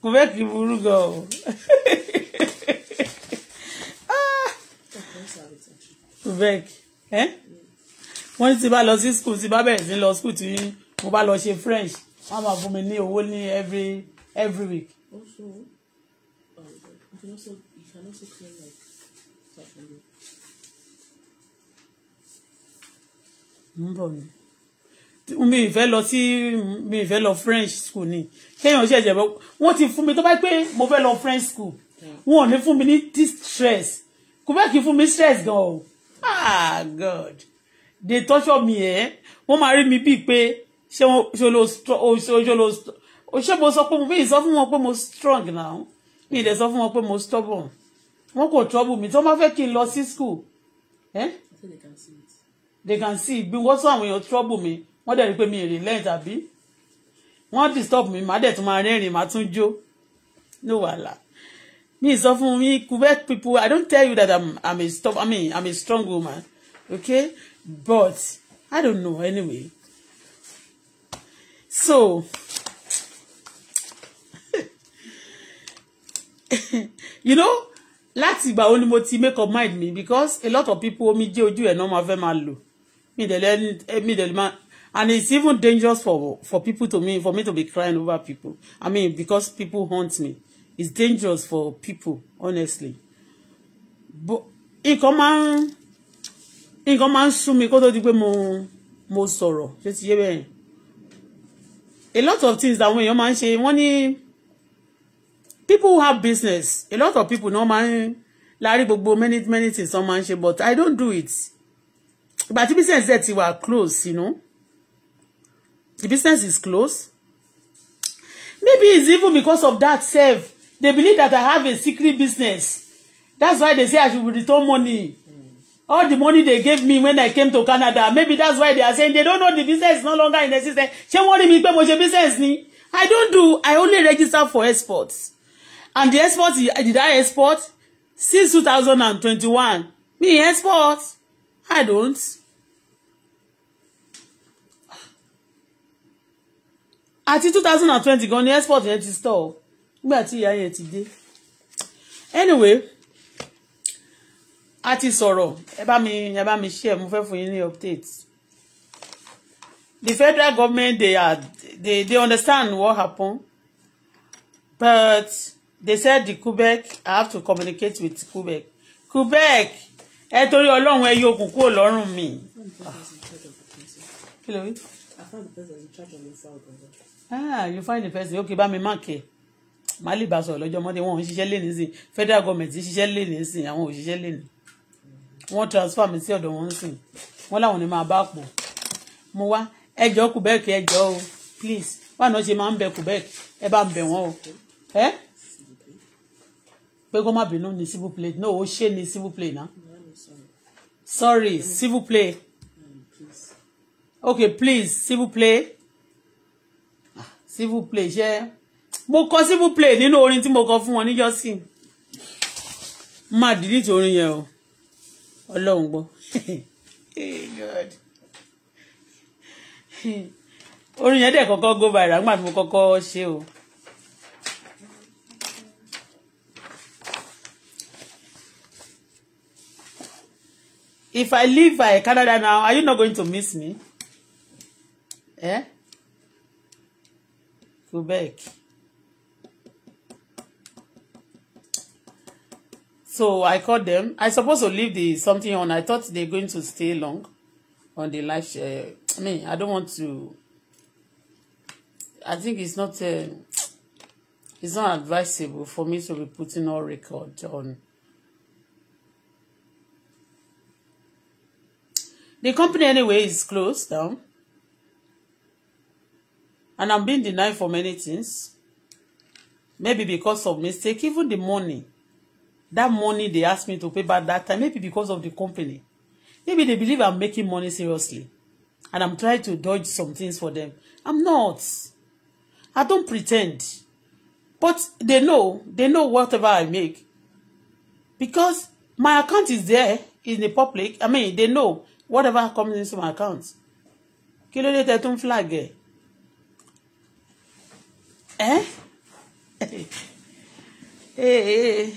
kò fẹ́ kí burú gan o. Ah! kò fẹ́ kí wọ́n ti bá lọ sí school ti bá bẹ̀rẹ̀ sí lọ school tí mo French mama, máa fún mi ní every every week. Also, um, you can also, you can also claim like stuff you. ń bọ̀ ni mi ìfẹ́ lọ French school ni kéèyàn ṣẹ̀ṣẹ̀ bọ́ wọ́n ti fún mi tó bá pé mo fẹ́ lọ french school wọn ò ní fún mi ní stress kò bẹ́ẹ̀ kí fún mi stress gan o ah god they torture me ẹ eh? wọ́n máa rí mi bíi pé ṣé wọ́n ṣe lo ṣe lo ṣé mo sọ pé mo bí ìsọ fún wọn pé mo strong now mi ìdẹ sọ fún wọn pé mo stubborn wọn kò trouble mi tí wọ́n bá fẹ́ kí n lọ sí school eh? they can see bí wọ́n sọ àwọn èèyàn trouble mi wọ́n dẹ̀ rí pé mi ì relent àbí wọ́n disturb mi màá dẹ̀ tún máa rẹ́rìn màá tún jó no wàhálà mi sọ fún mi Quebec people I don't tell you that I'm I'm a stop I mean I'm a strong woman okay but I don't know anyway so you know láti ìgbà wo ni mo ti make up mind mi because a lot of people omijé ojú ẹ̀ náà máa fẹ́ máa lò mi dẹ̀ lẹ́ni mi dẹ̀ máa and it's even dangerous for for people to me for me to be crying over people i mean because people haunt me it's dangerous for people honestly but nǹkan máa ń nǹkan máa ń sún mi kó tó di pé mo mo sọ̀rọ̀ ṣé ti yé bẹ́ẹ̀ a lot of things àwọn èèyàn máa ń ṣe wọ́n ní people who have business a lot of people náà máa ń lárí gbogbo many many things wọ́n máa ń ṣe but i don't do it ìgbà tí business dẹ̀ ti wà close you know the business is closed maybe it's even because of that self they believe that i have a secret business that's why they say i should return money all the money they gave me when i came to Canada maybe that's why they are saying they don't know the business is no longer in existence ṣé wọ́n rí mi pé mo business ni i don't do i only register for exports and the exports did i export since 2021 me exports? i don't àti two thousand and twenty gan ni export yẹn ti stọ̀ ọ́ nígbà tí ìyá yẹn ti dé anyway a ti sọ̀rọ̀ ẹ bá mi ẹ bá mi share mo fẹ́ fún yín ní update the federal government they are they they understand what happened but they said the Quebec I have to communicate with Quebec Quebec ẹ torí ọlọ́run ẹ yọ òkùn kúrò lọ́rùn mi. I found the person in charge of the ah you find the person okay bá mi má kẹ́ má lè bá sọ̀rọ̀ lọ́jọ́ mọ́tẹ́ wọn ò ṣiṣẹ́ lé nísìn federal government ṣiṣẹ́ lé nísìn àwọn ò ṣiṣẹ́ lé ní wọ́n transfer mi sí ọ̀dọ̀ wọn sìn wọ́n láwọn ni máa bá pọ̀ mo wá ẹjọ́ Quebec ẹjọ́ o please wà náà ṣe máa ń bẹ Quebec ẹ bá ń bẹ wọn o ẹ pé kó má bínú ní civil play no ó ṣe ní civil play náà sorry civil play okay please civil play civil play ṣe mo kọ civil play nínú orin tí mo kọ fún wọn níjọ́sí má dìlítì orin yẹn o ọlọ́run gbọ́ orin yẹn dẹ̀ kọ́kọ́ go viral nígbà tí mo kọ́kọ́ ṣe o. If I leave by Canada now, are you not going to miss me? Eh? Quebec. So I called them. I supposed to leave the something on. I thought they're going to stay long on the live. Uh, I mean, I don't want to. I think it's not uh, it's not advisable for me to be putting all records on. The company anyway is closed down and i'm being denied for many things maybe because of mistake even the money that money they ask me to pay back that time maybe because of the company maybe they believe i'm making money seriously and i'm trying to dodge some things for them i'm not i don't pretend but they know they know whatever i make because my account is there in the public i mean they know whatever comes into my account Kilo ló dé flag ẹ ẹ́ ẹ́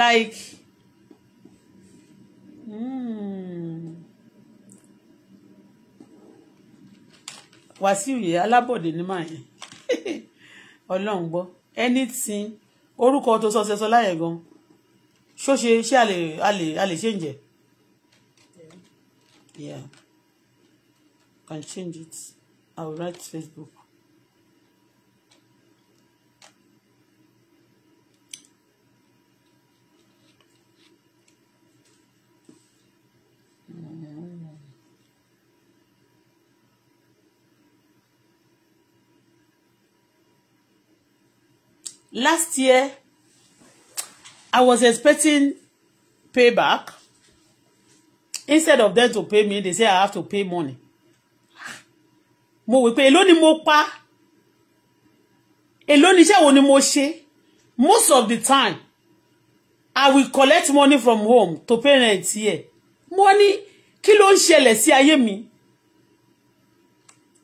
like mm, Wàsíù yìí alábọ̀dé ní màá yẹn ọlọ́run gbọ́ anything orúkọ tó sọ ṣẹṣọ láyè gan ṣó ṣe ṣé a lè a lè a lè change yeah can change it I will write Facebook. last year I was expecting payback instead of them to pay me they say I have to pay money mo wí èló ni mo pa èló ni iṣẹ́ wo ni mo ṣe most of the time I will collect money from home to parents here mo ní kí ló ń ṣẹlẹ̀ sí ayé mi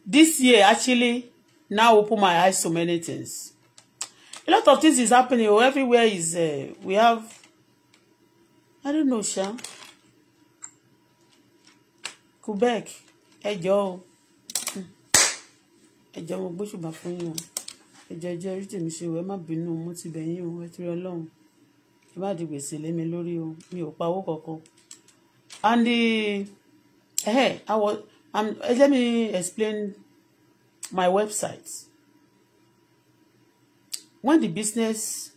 this year actually now open my eyes to many things a lot of things is happening oh everywhere is uh, we have i don't know sha Quebec ẹjọ o ẹjọ mo gbóṣùbà fún yín o ẹjọ ẹjọ orí tèmi ṣe o ẹ má bínú mo ti bẹ̀ o ẹ ti rí Ọlọ́run ẹ má di gbèsè lé mi lórí o mi ò pa owó kankan and ẹ ẹ awọ let me explain my website when the business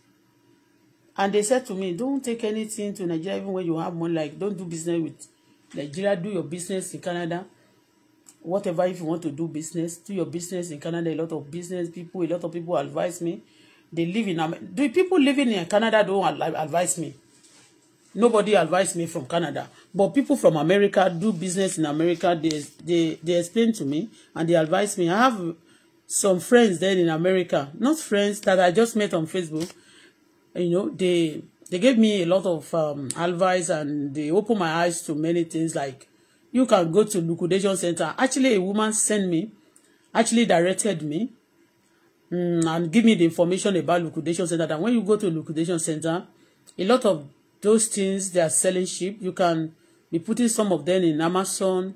and they said to me don't take anything to Nigeria even when you have money like don't do business with Nigeria do your business in Canada whatever if you want to do business do your business in Canada a lot of business people a lot of people advise me they live in do people living in Canada don't advise me nobody advise me from Canada but people from America do business in America they they they explain to me and they advise me I have some friends then in America, not friends that I just met on Facebook. You know, they they gave me a lot of um, advice and they opened my eyes to many things like you can go to liquidation center. Actually, a woman sent me, actually directed me um, and give me the information about liquidation center. And when you go to liquidation center, a lot of those things they are selling cheap. You can be putting some of them in Amazon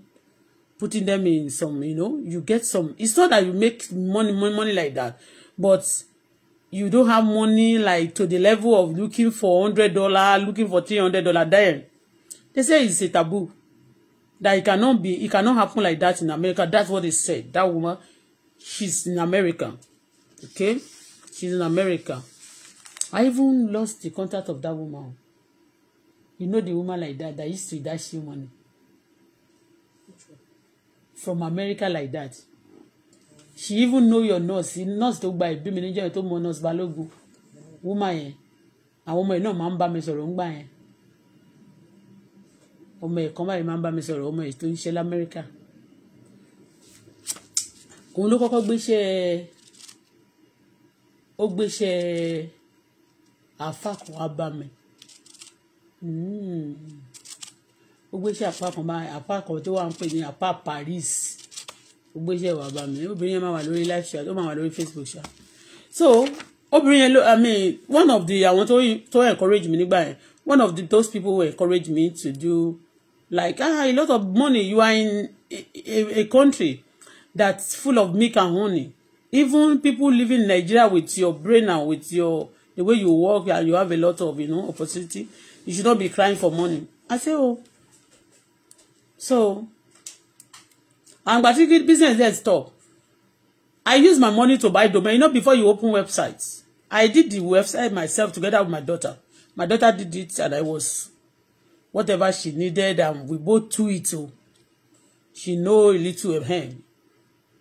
putting them in some you know you get some it's not that you make money money, money like that but you don't have money like to the level of looking for hundred dollar looking for three hundred dollar then they say it's a taboo that it cannot be it cannot happen like that in America that's what they said that woman she's in America okay she's in America I even lost the contact of that woman you know the woman like that that used to dash you money from America like that she even know your nurse nurse tó gba ìbí mi níjẹ́ tó mọ nurse balógun woman yẹn àwọn ọmọ ẹ̀ náà máa ń bá mi sọ̀rọ̀ ń gbà yẹn ọmọ ẹ̀ kan báyìí máa ń bá mi sọ̀rọ̀ ọmọ ẹ̀ tó ń ṣe lamẹ́ríkà òun ló kọ́kọ́ gbéṣẹ́ ó gbéṣẹ́ àáfàá kan Mm ó gbéṣẹ́ àpá kan bá àpá kan tó wà ń pè ní àpá Paris ó gbéṣẹ́ wà bá mi obìnrin yẹn máa wà lórí live chat ó máa wà lórí Facebook chat so obìnrin yẹn ló i mean one of the àwọn tó tó encourage mi nígbà yẹn one of the, those people who encourage me to do like ah a lot of money you are in a, a, a country that's full of milk and honey even people living in Nigeria with your brain and with your the way you work and you have a lot of you know opportunity you should not be crying for money i say oh so and gbàtí business there stop I use my money to buy domain you know before you open websites I did the website myself together with my daughter my daughter did it and I was whatever she needed and we both do it So oh. she know a little of him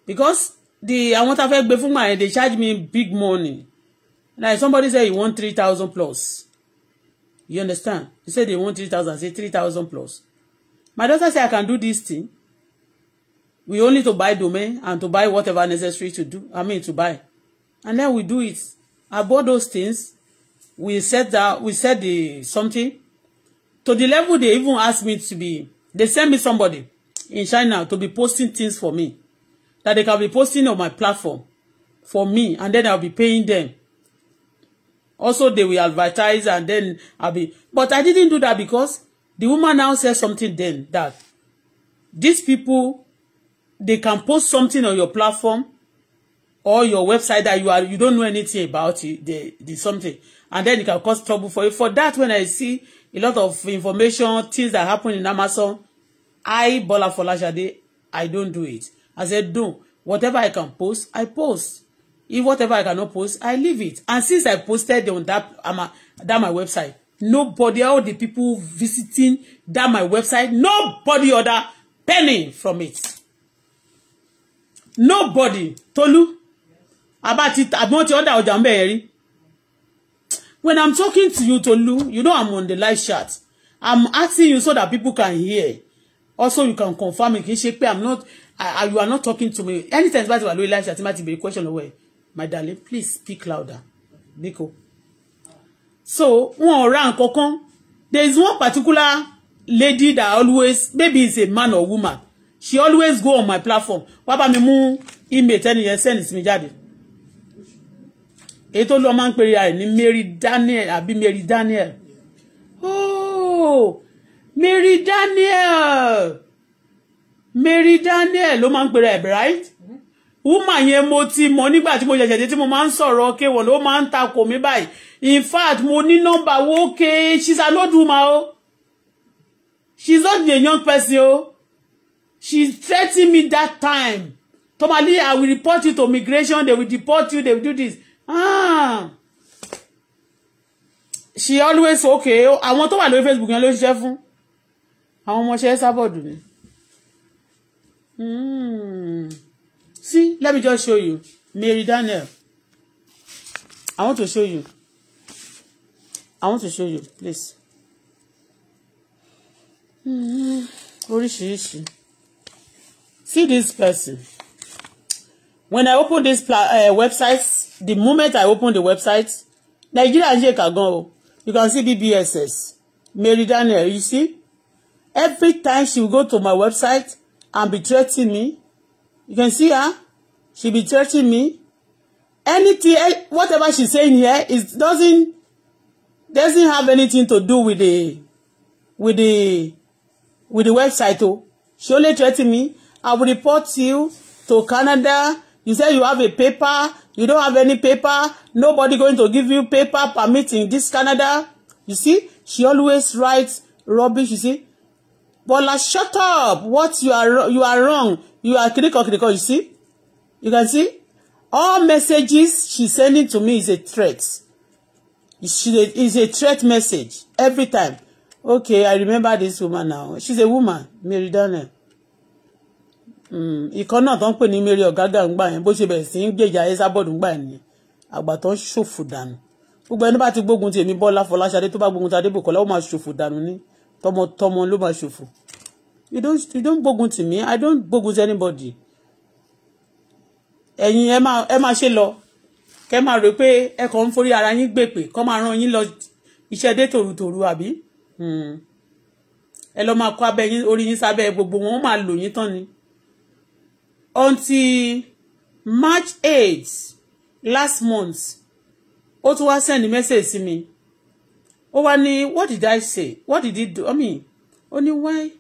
because the I want to fẹ́ before my they charge me big money like somebody say he want three thousand plus you understand he said they want three thousand I say three thousand plus My daughter say I can do this thing. We only to buy domain and to buy whatever necessary to do. I mean to buy. And then we do it. I bought those things. We set that we set the something. To the level they even ask me to be they send me somebody in China to be posting things for me. That they can be posting on my platform for me and then I'll be paying them. Also, they will advertise and then I'll be... But I didn't do that because The woman now said something then that these people, they can post something on your platform or your website that you are you don't know anything about it, the, the something, and then it can cause trouble for you. For that, when I see a lot of information, things that happen in Amazon, I, Bola for Folashade, I don't do it. I said, no, whatever I can post, I post. If whatever I cannot post, I leave it. And since I posted on that, um, that my website, Nobody, all the people visiting that my website, nobody other penny from it. Nobody. Tolu, about it, about your other Ojamberi. When I'm talking to you, Tolu, you know I'm on the live chat. I'm asking you so that people can hear. Also, you can confirm it. Kì I'm not, I, I, you are not talking to me. Anytime, but you are live chat, you be a question away. My darling, please speak louder. Nico so wọn ò ra nǹkan kan there is one particular lady that always maybe is a man or woman she always go on my platform wá bá mi mú email tẹ́ni yẹn send sí mi jáde èyí tó lọ máa ń pèrè àì ní Mary Daniel àbí Mary Daniel oh Mary Daniel Mary Daniel ló máa ń pèrè àì right woman yẹn mo ti mọ̀ nígbà tí mo ṣẹ̀ṣẹ̀ dé tí mo máa ń sọ̀rọ̀ kéwọ̀n ló máa ń takò mí báyìí in fact mo ní nọ́mbà wo ké she's an old woman o she's not a young person o she threaten me that time tomali i will report you to immigration they will deport you they will do this ah she always okay àwọn tó wà lórí facebook yẹn ló ṣiṣẹ́ fún àwọn ọmọọṣẹ́ sábọ̀dù ni. Mm. See, let me just show you. Mary Daniel. I want to show you. I want to show you, please. Mm-hmm. Oríṣiríṣi. See this person. When I open this uh, website, the moment I open the website, Nigeria ń ṣe You can see BBSS. Mary Daniel, you see? Every time she will go to my website and be threatening me, You can see her. She be threatening me. Anything, eh, whatever she's saying here, it doesn't doesn't have anything to do with the with the with the website. Oh, she only threatening me. I will report you to Canada. You say you have a paper. You don't have any paper. Nobody going to give you paper permitting this Canada. You see, she always writes rubbish. You see, Bola, shut up. What you are you are wrong. You are critical, critical. You see? You can see? All messages she sending to me is a threat. She is a threat message every time. Okay, I remember this woman now. She's a woman, Mary Daniel. Hmm, ìkan náà tó ń pè ní Mary Ọ̀gágà ń gbà yẹn bó ṣe bẹ̀rẹ̀ sí ń gbèjà Esabod ń gbà yẹn. Àgbà tó ń ṣòfò dànù. Gbogbo ẹni bá ti gbógun ti èmi Bọ́lá Fọláṣadé tó bá gbógun ti Adébòkọ́lá ó máa ṣòfò dànù ni tọmọtọmọ ló máa ṣòfò you don't you don't gbógun tì mí i don't gbógun to anybody ẹ̀yin ẹ máa ẹ máa ṣe lọ kẹ́ máa rò pé ẹ kàn ń forí ara yín gbèpè kọ́ máa rán yín lọ iṣẹ́ dé tòrutòru àbí hmm. ẹ lọ máa kó abẹ́ yín orí yín sábẹ́ gbogbo wọn máa lò yín tán ni until March 8 last month ó tún wá send message sí mi ó wá ní what did I say what did he do I mean ó ní why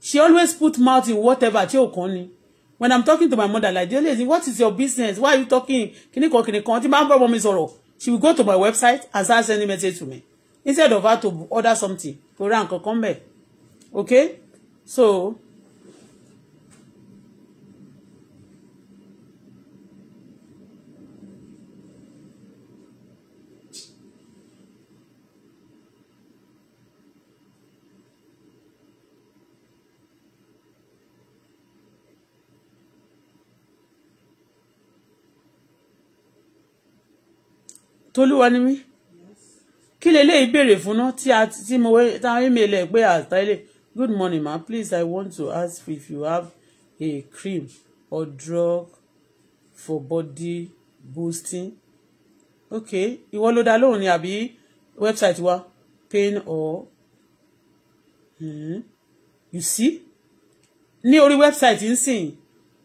she always put mouth in whatever tí ò kàn ni when i'm talking to my mother like the lady what is your business why are you talking kinikan kinikan tí máa ń bọ́ mi sọ̀rọ̀ she will go to my website and start sending message to me instead of her to order something to ra nǹkan kan okay so tolúwa ni mí kí leléyìí béèrè fún ná tí a ti mo wé tá a email ẹ pé àtàlẹ good morning ma please i want to ask if you have a cream or drug for body boosting okay ìwọ ló dá lóhùn ni àbí website wa pain or hmm. you see ní orí website ń sìn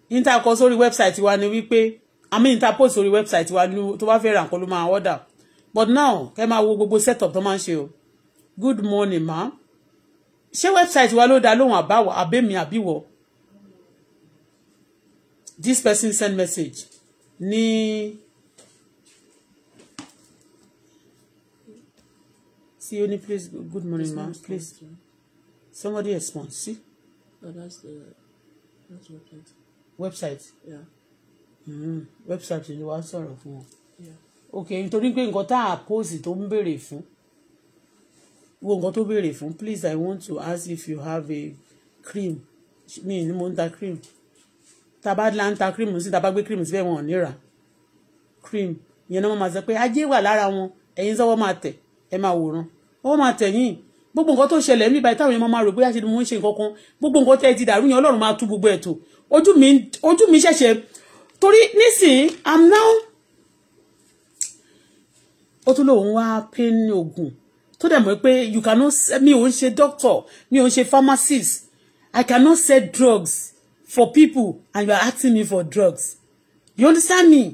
ní tá a kọ sórí website wa ni wípé i mean ta post orí website wa lu tó bá fẹ́ ra nǹkan ló máa order but now kẹ máa wo gbogbo setup tó máa ń ṣe o good morning ma ṣé website wa ló dá lóhùn àbáwọ àbẹ́mi àbíwọ this person send message ní. See only please good morning ma please somebody respond see. Oh, that's the that's website. Website. Yeah. Hmm, website ni wàá sọ̀rọ̀ fún wọn ok nítorí pé nǹkan tá a pose tó ń béèrè fún wo nǹkan tó béèrè fún please i want to ask if you have a cream mi ni mo ń ta cream tá a bá la ń ta cream sí tá a bá gbé cream síbẹ̀ wọn ò ní cream ìyẹn náà wọ́n máa sọ pé ajé wà lára wọn ẹ̀yin sọ́wọ́ máa tẹ̀ ẹ máa wòran ọwọ́ máa tẹ̀ yín gbogbo nǹkan tó ṣẹlẹ̀ níbi báyìí táwọn èèyàn máa rò bóyá ṣe ni mo ń ṣe nǹkan kan gbogbo nǹkan tẹ́ ẹ ti dàrú yẹn ọlọ́run máa tú gbogbo ẹ̀ tó ojú mi ṣẹ̀ṣẹ̀ torí nísìnyí i'm now ó tún lóun wá pain oògùn tó dẹ̀ mọ̀ pé you cannot mi ò ń ṣe doctor mi ò ń ṣe pharmacist i cannot sell drugs for people and you are asking me for drugs you understand me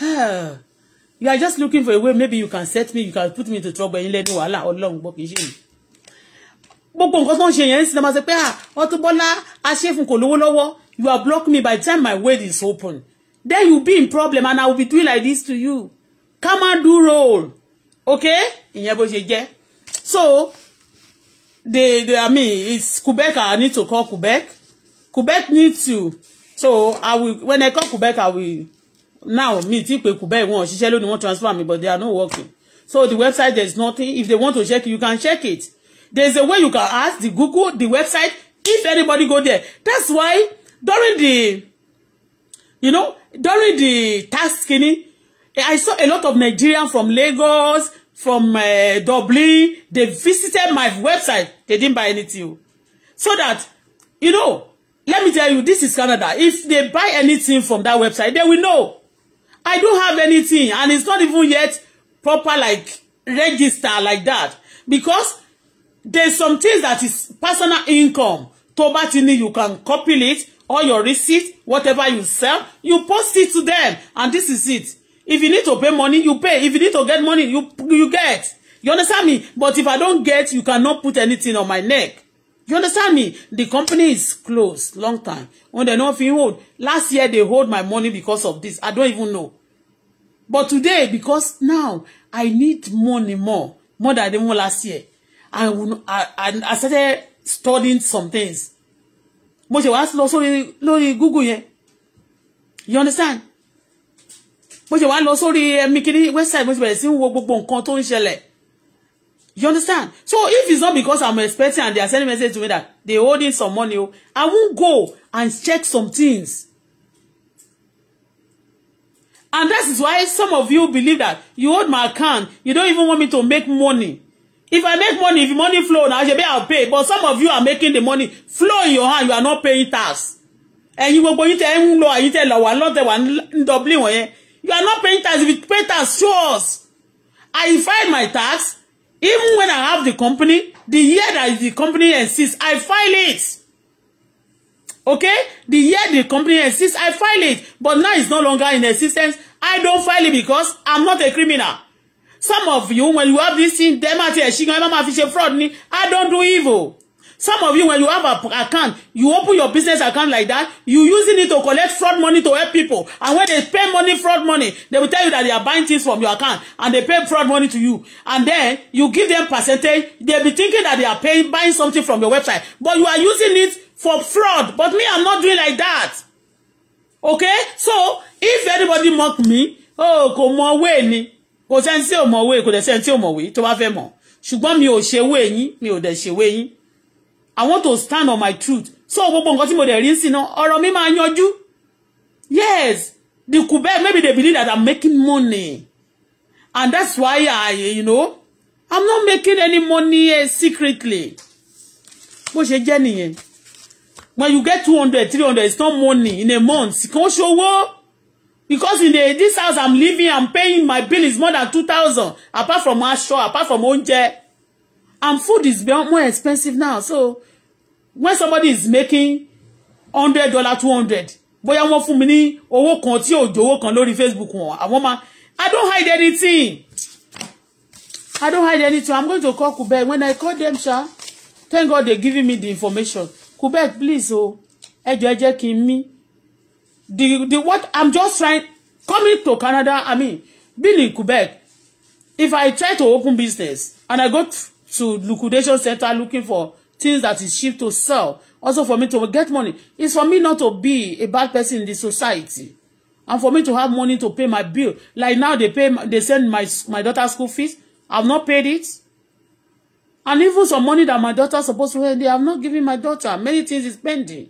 ah, you are just looking for a way maybe you can set me you can put me into trouble ẹ̀yin lẹ́nu wàhálà ọlọ́run gbọ́ kì í ṣe mi gbogbo nǹkan tó ń ṣe yẹn ń sinamá sọ pé ah Auto Bola aṣẹ́fun kò lówó lọ́wọ́ you are blocking me by the time my way is open Then you'll be in problem and I will be doing like this to you. Come and do role. Okay? Ìyẹn bó ṣe So, the the I mean, it's Quebec. I need to call Quebec. Quebec needs you. So, I will, when I call Quebec, I will, now, me, tí pé Quebec, wọ́n ṣiṣẹ́ lónìí, wọ́n transfer me, but they are not working. So, the website, there's nothing. If they want to check, you can check it. There's a way you can ask the Google, the website, if anybody go there. That's why, during the You know, during the tax skinning, I saw a lot of Nigerians from Lagos, from uh, Dublin. They visited my website. They didn't buy anything. So that, you know, let me tell you, this is Canada. If they buy anything from that website, they will know. I don't have anything. And it's not even yet proper, like, register like that. Because there's some things that is personal income. Toba Tini, you can copy it all your receipts, whatever you sell, you post it to them. And this is it. If you need to pay money, you pay. If you need to get money, you you get. You understand me? But if I don't get, you cannot put anything on my neck. You understand me? The company is closed long time. When they know if you hold. Last year, they hold my money because of this. I don't even know. But today, because now I need money more, more than I did last year, I, I, I started studying some things mo ṣe wá lọ sórí lórí google yẹn you understand mo ṣe wá lọ sórí ẹmí kìíní website mo ṣe bẹ̀rẹ̀ sí wo gbogbo nǹkan tó ń ṣẹlẹ̀ you understand so if it's not because i'm expecting and they are sending message to me that they holding some money o i won't go and check some things and that is why some of you believe that you hold my account you don't even want me to make money If I make money, if money flow now, I'll pay. But some of you are making the money flow in your hand, you are not paying tax. And you will go into any law, you tell law, not the one in Dublin. You are not paying tax. If you pay tax, show us. I file my tax. Even when I have the company, the year that the company exists, I file it. Okay? The year the company exists, I file it. But now it's no longer in existence. I don't file it because I'm not a criminal some of you when you have this thing, dem àti ẹ̀ṣin shingo má máa fi ṣe fraud ni i don't do evil some of you when you have a account you open your business account like that you using it to collect fraud money to help people and when they pay money fraud money they will tell you that they are buying things from your account and they pay fraud money to you and then you give them percentage they be thinking that they are paying buying something from your website but you are using it for fraud but me i'm not doing like that okay so if anybody mock me oh come on, way ni kò sẹ́ni tí ò mọ̀wé kò dẹ̀ sẹ́ni tí ò mọ̀wé tó bá fẹ́ mọ̀ ṣùgbọ́n mi ò ṣe wé yín mi ò dẹ̀ ṣe wé yín I want to stand on my truth so gbogbo nǹkan tí mo dẹ̀ rí ń sìn náà ọ̀rọ̀ mi máa yanjú yes the Quebec maybe they believe that I'm making money and that's why I you know I'm not making any money eh, secretly bó ṣe jẹ́ nìyẹn when you get two hundred three hundred it's not money in a month kò ṣòwò because in the this house i'm living i'm paying my bill is more than two thousand apart from aṣọ apart from oúnjẹ and food is more expensive now so when somebody is making hundred dollar two hundred bóyá wọ́n fún mi ní owó kan tí ò jówó kan lórí facebook wọn àwọn máa i don't hide anything i don't hide anything i'm going to call Quebec when i call them sha thank god they giving me the information Quebec please o oh. ẹ jọ̀ọ́ ẹ jẹ́ kí n mí the the what I'm just trying coming to Canada, I mean, being in Quebec, if I try to open business and I go to liquidation center looking for things that is cheap to sell, also for me to get money, it's for me not to be a bad person in the society. And for me to have money to pay my bill. Like now they pay, they send my my daughter school fees. I've not paid it. And even some money that my daughter supposed to pay, they have not given my daughter. Many things is pending.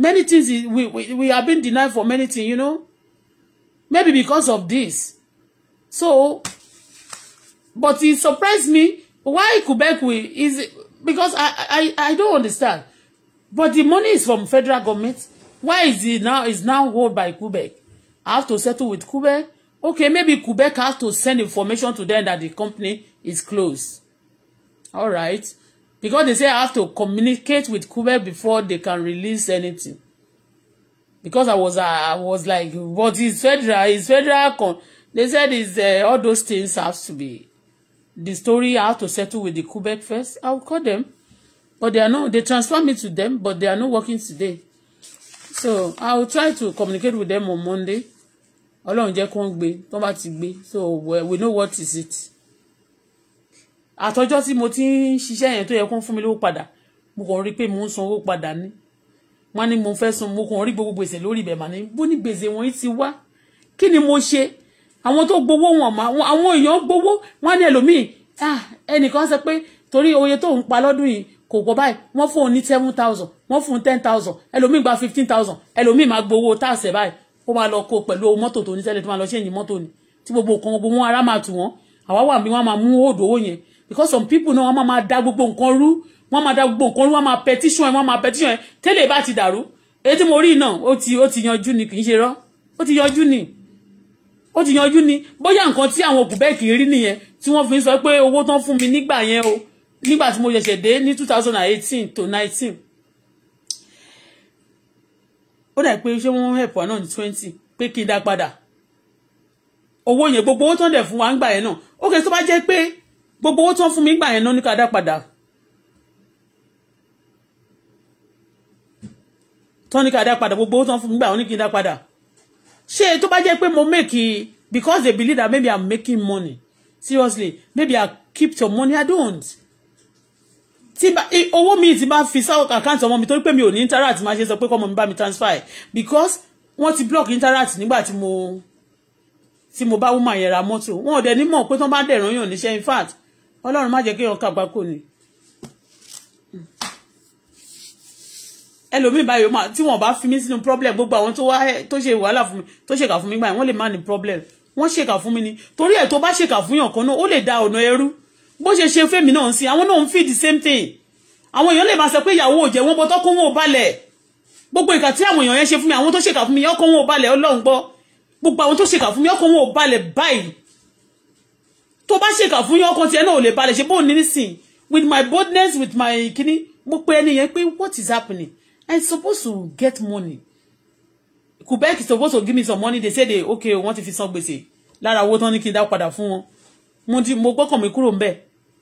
Many things we, we, we have been denied for many things, you know. Maybe because of this. So, but it surprised me why Quebec will, is because I, I, I don't understand. But the money is from federal government. Why is it now is now held by Quebec? I have to settle with Quebec. Okay, maybe Quebec has to send information to them that the company is closed. All right because they say I have to communicate with Kubel before they can release anything. Because I was uh, I was like, what is federal? Is federal con? They said is uh, all those things have to be. The story I have to settle with the Quebec first. I will call them, but they are not. They transfer me to them, but they are not working today. So I will try to communicate with them on Monday. Ọlọ́run jẹ́ kó ń gbé tó bá ti so we, we know what is it àtọjọ́ tí mo ti ń ṣiṣẹ́ yẹn tó yẹ kó fún mi lówó padà mo kàn rí i pé mo ń san owó padà ní wọn ní mo fẹ́ san mo kàn rí gbogbo gbèsè lórí ibẹ̀ màní bó ní gbèsè wọ̀nyí ti wá kí ni mo ṣe àwọn tó gbowó wọn mà àwọn èèyàn gbowó wọn ní ẹlòmíì ah, ẹnìkan sọ pé torí oye tó ń pa lọ́dún yìí kò gbọ́ báyìí wọ́n fún un ní seven thousand wọ́n fún un ten thousand ẹlòmíì gba fifteen thousand ẹlòmíì máa gbowó táàsì ẹ̀ báyìí ó máa lọ kó pẹ̀lú mọ́tò tó ní tẹ́lẹ̀ tó máa lọ ṣéyìn mọ́tò ni tí gbogbo kan gbogbo wọn ará máa tù wọ́n àwa wà bí wọ́n máa mú òòdòwó yẹn because some people náà wọ́n máa da gbogbo nǹkan rú wọ́n máa da gbogbo nǹkan rú wọ́n máa petition ẹ̀ wọ́n máa petition ẹ̀ tẹ́lẹ̀ bá ti dàrú èyí tí mo rí náà ó ti ó ti yanjú ni kì í ṣe rọ́ ó ti yanjú ni ó ti yanjú ni bóyá nǹkan tí àwọn òkú bẹ́ẹ̀ kì í rí nìyẹn tí wọ́n fi ń sọ pé owó tán fún mi nígbà yẹn o nígbà tí mo ṣẹ̀ṣẹ̀ dé ní two thousand and eighteen to nineteen ó dà pé ṣé wọ́n help wa náà ní twenty pé kí n dá padà owó yẹn gbogbo owó tán dẹ̀ fún wa ń gbà yẹn náà ó kẹ́ tó bá jẹ́ pé gbogbo owó tó ń fún mi gbà yẹn náà ní ká dá padà tán ní ká dá padà gbogbo owó tó ń fún mi gbà yẹn ní kí n dá padà ṣé tó bá jẹ́ pé mo make because they believe that maybe I'm making money seriously maybe I keep your money I don't tí bá owó mi ti bá fi sáwọ́ àkáǹtì ọmọ mi torí pé mi ò ní interact máa ṣe sọ pé kọ́mọ mi bá mi transfer because wọ́n ti block interact nígbà tí mo tí mo bá woman yẹn ra mọ́tò wọn ò dẹ̀ ní mọ̀ pé tán bá dẹ̀ rányàn níṣẹ́ in fact ọlọ́run má jẹ́ kí èèyàn kàgbá kò ní. ẹlòmíì báyìí ó máa tí wọn bá fi mí sínú problem gbogbo àwọn tó wá tó ṣe wàhálà fún mi tó ṣèkà fún mi gbà wọn lè má ní problem wọn ṣèkà fún mi ni torí ẹ̀ tó bá ṣèkà fún yàn kan náà ó lè da ọ̀nà ẹrú bó ṣe ṣe fẹ́mi náà ń sin àwọn náà ń feed the same thing àwọn èèyàn lè máa sọ pé ìyàwó òjẹ wọn bọ tọkùn wọn ò balẹ̀ gbogbo ìkà tí àwọn èèyàn yẹn ṣe fún mi àwọn tó ṣèkà fún mi ọkàn wọn ò balẹ̀ Ọlọ́run gbọ́ gbogbo àwọn tó ṣèkà fún mi ọkàn wọn ò balẹ̀ báyìí tó bá ṣèkà fún yín ọkàn tiẹ̀ náà ò lè balẹ̀ ṣe bóun ní nísìn with my boldness with my kíní mo pe ẹni yẹn pé what is happening i'm supposed to get money Quebec is supposed to give me some money they say they eh, okay wọ́n ti fi san gbèsè lára owó tán ní kí n dá padà fún wọn mo ti mo gbọ́kàn mi kúrò ńbẹ̀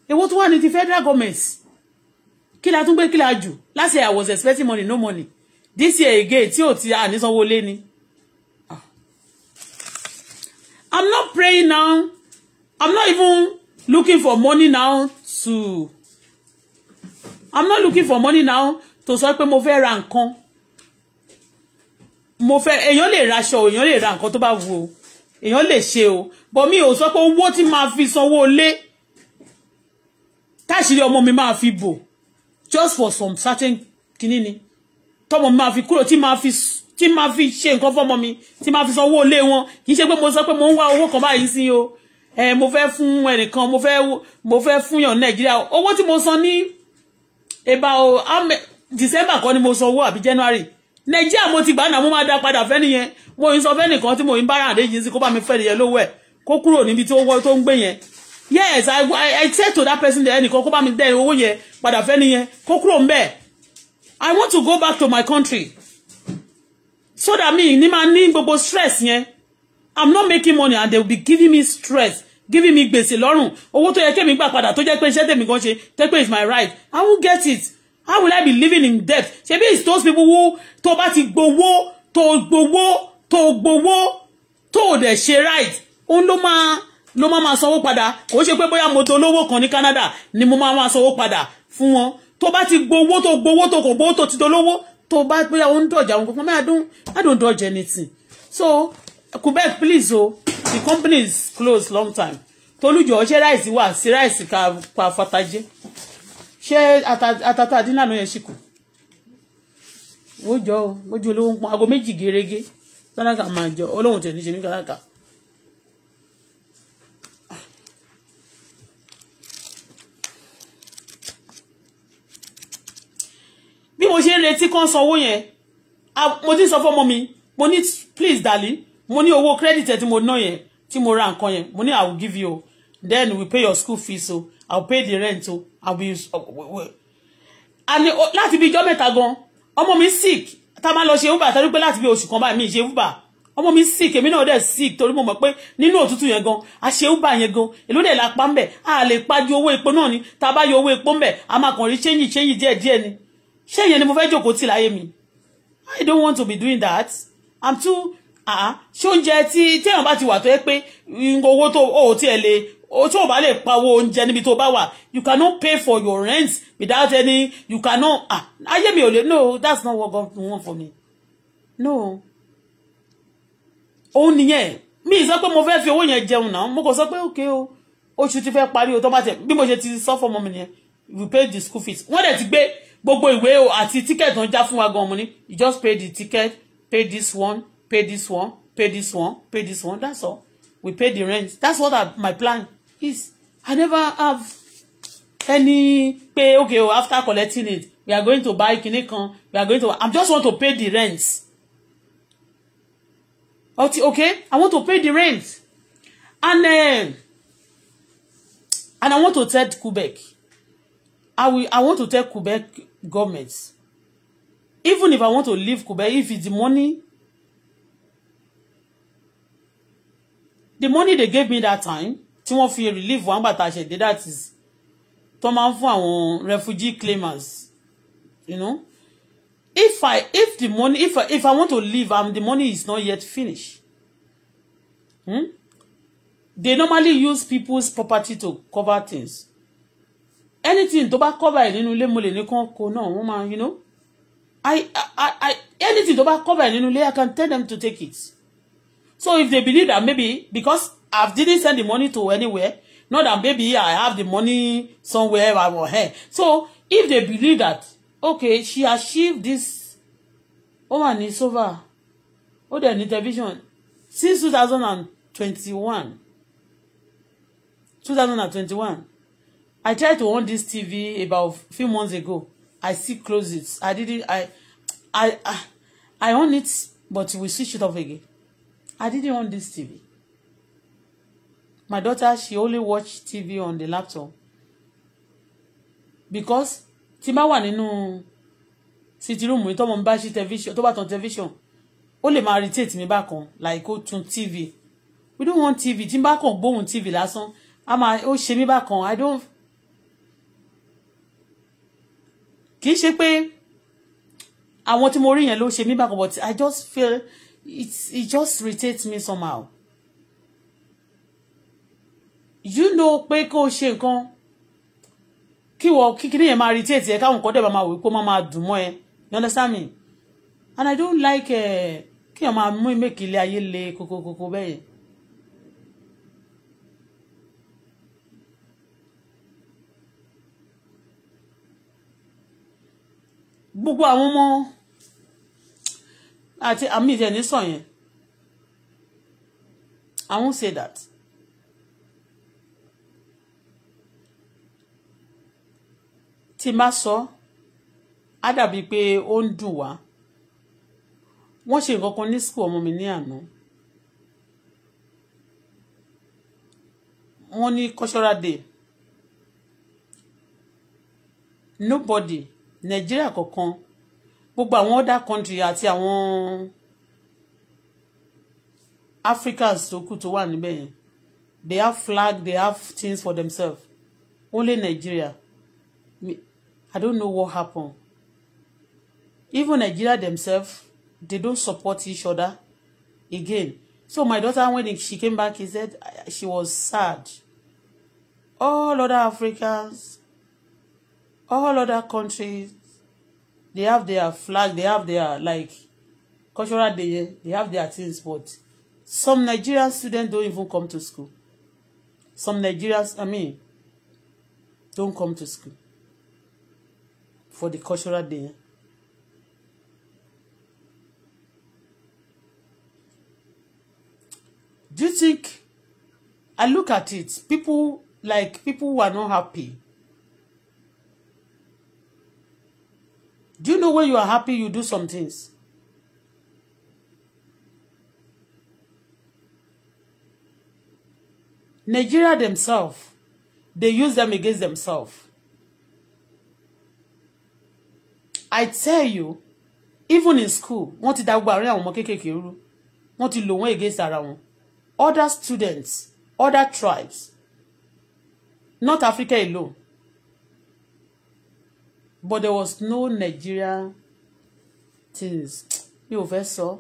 èwo tó wà ní ti federal government kí la tún gbé kí la jù last year i was expecting money no money this year again tí ò ti ànísanwó lé ni ah. i'm not praying now I'm not even looking for money now to I'm not looking for money now to sọ pé mo fẹ́ ra nǹkan mo fẹ́ èèyàn lè raṣọ èèyàn lè ra nǹkan tó bá wù o èèyàn lè ṣe o but mi ò sọ pé owó tí máa fi le? lé táṣìírí ọmọ mi máa fi bò just for some certain kinini. ni tọmọ mi máa fi kúrò tí máa fi tí máa fi ṣe nǹkan fọmọ mi tí máa fi sanwó lé wọn kì í ṣe pé mo sọ pé mo ń wá kan báyìí sí o ẹ mo fẹ́ fún ẹnìkan mo fẹ́ mo fẹ́ fún yàn nàìjíríà owó tí mo san ní about december kọ́ ni mo san owó àbí january nàìjíríà mo ti gbà náà mo máa dá padà fẹ́ nìyẹn mo ń sọ fẹ́ nìkan tí mo ń bára àdéjì sí kó bá mi fẹ́ nìyẹn lówó ẹ̀ kó kúrò níbi tí owó tó ń gbé yẹn yes i i I said to that person there ẹnìkan kó bá mi dẹ owó yẹn padà fẹ́ nìyẹn kó kúrò ńbẹ̀ i want to go back to my country so that me ni máa ní gbogbo stress yẹn i'm not making money and they will be giving me stress giving me gbèsè lọ́rùn owó tó yẹ kémi gbà padà tó jẹ́ pé iṣẹ́ tèmi gan ṣe tẹ́ pé it's my right I will get it how will I be living in debt ṣebí it's those people who tó bá ti gbowó tó gbowó tó gbowó tó dẹ̀ ṣe right òun ló máa ló máa máa sanwó padà kò ṣe pé bóyá mo dolówó kan ní Canada ni mo máa máa sanwó padà fún wọn tó bá ti gbowó tó gbowó tó kò gbowó tó ti dolówó tó bá bóyá òun dọ̀jà òun kò fún mi I don't I don't dodge anything so Quebec please o. Oh the company is closed long time tolújọ ṣé ráìsì wà sí ráìsì ká pa fatajé ṣé atata adínà ló yẹ ṣìkò ó jọ ó mójú olówó ń pọn aago méjì gèrègé tálákà máa jọ olóhùn tẹ̀ ní ṣe ní kálákà. bí mo ṣe ń retí kán sanwó yẹn mo ti sọ fọmọ mi mo ní please darling mo ní owó credit ẹ tí mo ná yẹn tí mo ra nǹkan yẹn mo ní i will give you then we pay your school fees o i will pay the rent o i will oh, oh, oh. and láti bí ijọ́ mẹ́ta gan ọmọ mi sick tá a máa lọ ṣe uber torí pé láti bí oṣù kan báyìí mi ṣe uber ọmọ mi sick èmi náà dẹ̀ sick torí mo mọ̀ pé nínú òtútù yẹn gan a ṣe uber yẹn gan èló dẹ̀ la pa ń bẹ̀ a lè pa ju owó epo náà ni tá a bá yọ owó epo ń bẹ̀ a máa kàn rí change change díẹ̀ díẹ̀ ni ṣé ìyẹn ni mo fẹ́ jòkó tì láyé mi i don't want to be doing that i'm too Ah, ah. oúnjẹ tí téèyàn bá ti wà tó yẹ pé mm, owó tó o ò tiẹ̀ lè o tí o bá lè pa oúnjẹ níbi tó bá wà you cannot pay for your rent without any you cannot ah ayé mi ò lè no that's not what God want for me no òun nìyẹn mi ì sọ pé mo fẹ́ fi owó yẹn jẹun náà mo kò sọ pé òkè o oṣù ti fẹ́ parí o tó bá tẹ bí mo ṣe ti sọ fọmọ mi nìyẹn we pay the school fees wọ́n dẹ̀ ti gbé gbogbo ìwé o àti ticket tó ń já fún wa gan-an mo ní you just pay the ticket pay this one pay this one pay this one pay this one that's all we pay the rent that's what I, my plan is I never have any pay okay well, oh, after collecting it we are going to buy kinní we are going to I just want to pay the rent okay I want to pay the rent and uh, and I want to tell Quebec I will I want to tell Quebec governments. even if I want to leave Quebec if it's the money the money they gave me that time tí wọ́n fi relief wọn gbà tá a ṣẹ̀dé that is tó máa ń fún refugee claimers you know if i if the money if if i want to leave and um, the money is not yet finished hmm? they normally use people's property to cover things anything to bá cover ẹ nínú ilé mo lè ní kán kó náà wọ́n máa you know i i i anything tó bá cover ẹ nínú ilé i can tell them to take it. So if they believe that maybe because I didn't send the money to anywhere, not that maybe I have the money somewhere I want her. So if they believe that, okay, she achieved this, oh man, it's over. Oh, the intervention since 2021. 2021. I tried to own this TV about a few months ago. I still closed it. I didn't. I, I, I, I own it, but we switch it off again. I didn't want this TV. My daughter, she only watch TV on the laptop. Because tí ma wà nínú sitting room tó mọ̀ ń bá television tó bá tan television ó lè máa irritate mi bákan like ó tún TV. We don't want TV. Tí n bá kàn gbóhùn TV lásán, a máa ó ṣe mí bákan. I don't kì í ṣe pé àwọn tí mo rí yẹn ló ṣe mí bákan but I just feel it, it just irritates me somehow you know pé kó o ṣe nǹkan kí wọ kíkiri yẹn máa irritate ẹ káwọn kan dẹ̀ bá máa wò pé ó máa dùn mọ́ ẹ you understand me and I don't like eh ki ẹ máa mú ìmẹ̀kì ilé ayé le kókókókó bẹ́ẹ̀ yẹn. gbogbo àwọn ọmọ àti àmì ìdí ẹni sàn yẹn I won't say that. tí má sọ á dàbí pé ó ń dùn wá wọ́n ṣe nǹkan kan ní school ọmọ mi ní àná wọ́n ní cultural day nobody Nàìjíríà kankan gbogbo àwọn other country àti àwọn Africans tó kù tó wà níbẹ̀ yẹn they have flag they have things for themselves only Nigeria I don't know what happen even Nigeria themselves they don't support each other again so my daughter when she came back he said she was sad all other Africans all other countries they have their flag they have their like cultural day they have their things but some Nigerian students don't even come to school some Nigerians I mean don't come to school for the cultural day. Do you think I look at it people like people who are not happy Do you know when you are happy, you do some things? Nigeria themselves, they use them against themselves. I tell you, even in school, wọ́n ti dá gbogbo àárín àwọn ọmọ kéékèèké rú, wọ́n ti lò against around? Other students, other tribes, not Africa alone but there was no Nigeria things mi ò fẹ́ sọ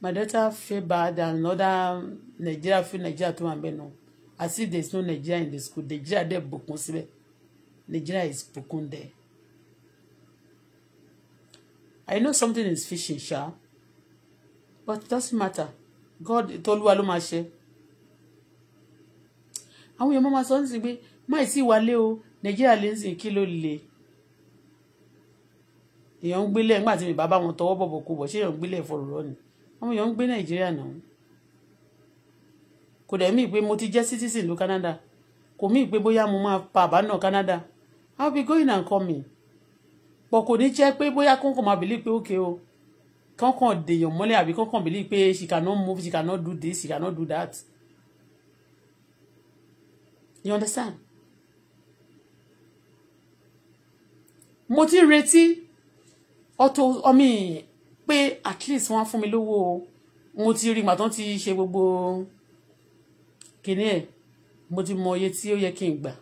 my daughter feel bad and other Nigeria feel Nigeria too. wà bẹ́ẹ̀ náà as if there is no Nigeria in the school Nigeria dẹ̀ bùkún síbẹ̀ Nigeria is bùkún there I know something is fishing sha but it doesn't matter God tolúwa ló máa ṣe àwọn èèyàn máa sọ ní sin pé máì sí wálé o Nàìjíríà lè ń sìn kí ló le èèyàn ń gbélé nígbà tí mi bàbá wọn tọwọ́ bọ̀bọ̀ kó bọ̀ ṣé èèyàn ń gbélé fọ̀rọ̀ rọ ni àwọn èèyàn ń gbé nàìjíríà náà kò dẹ̀ mí pé mo ti jẹ́ citizen ló Canada kò mí pé bóyá mo máa pa àbá náà Canada I'll be going and coming pọ̀ kò ní jẹ́ pé bóyá kọ́ńkàn máa bìlí pé ókè o kọ́ńkàn dèèyàn mọ́lẹ̀ àbí kọ́ńkàn bìlí pé she cannot move she cannot do this she cannot do that you understand mo ti retí ọtọ ọmí pé at least wọ́n á fún mi lówó mo ti rí màtán ti ṣe gbogbo kìnìún mo ti mọ iye tí ó yẹ kí n gbà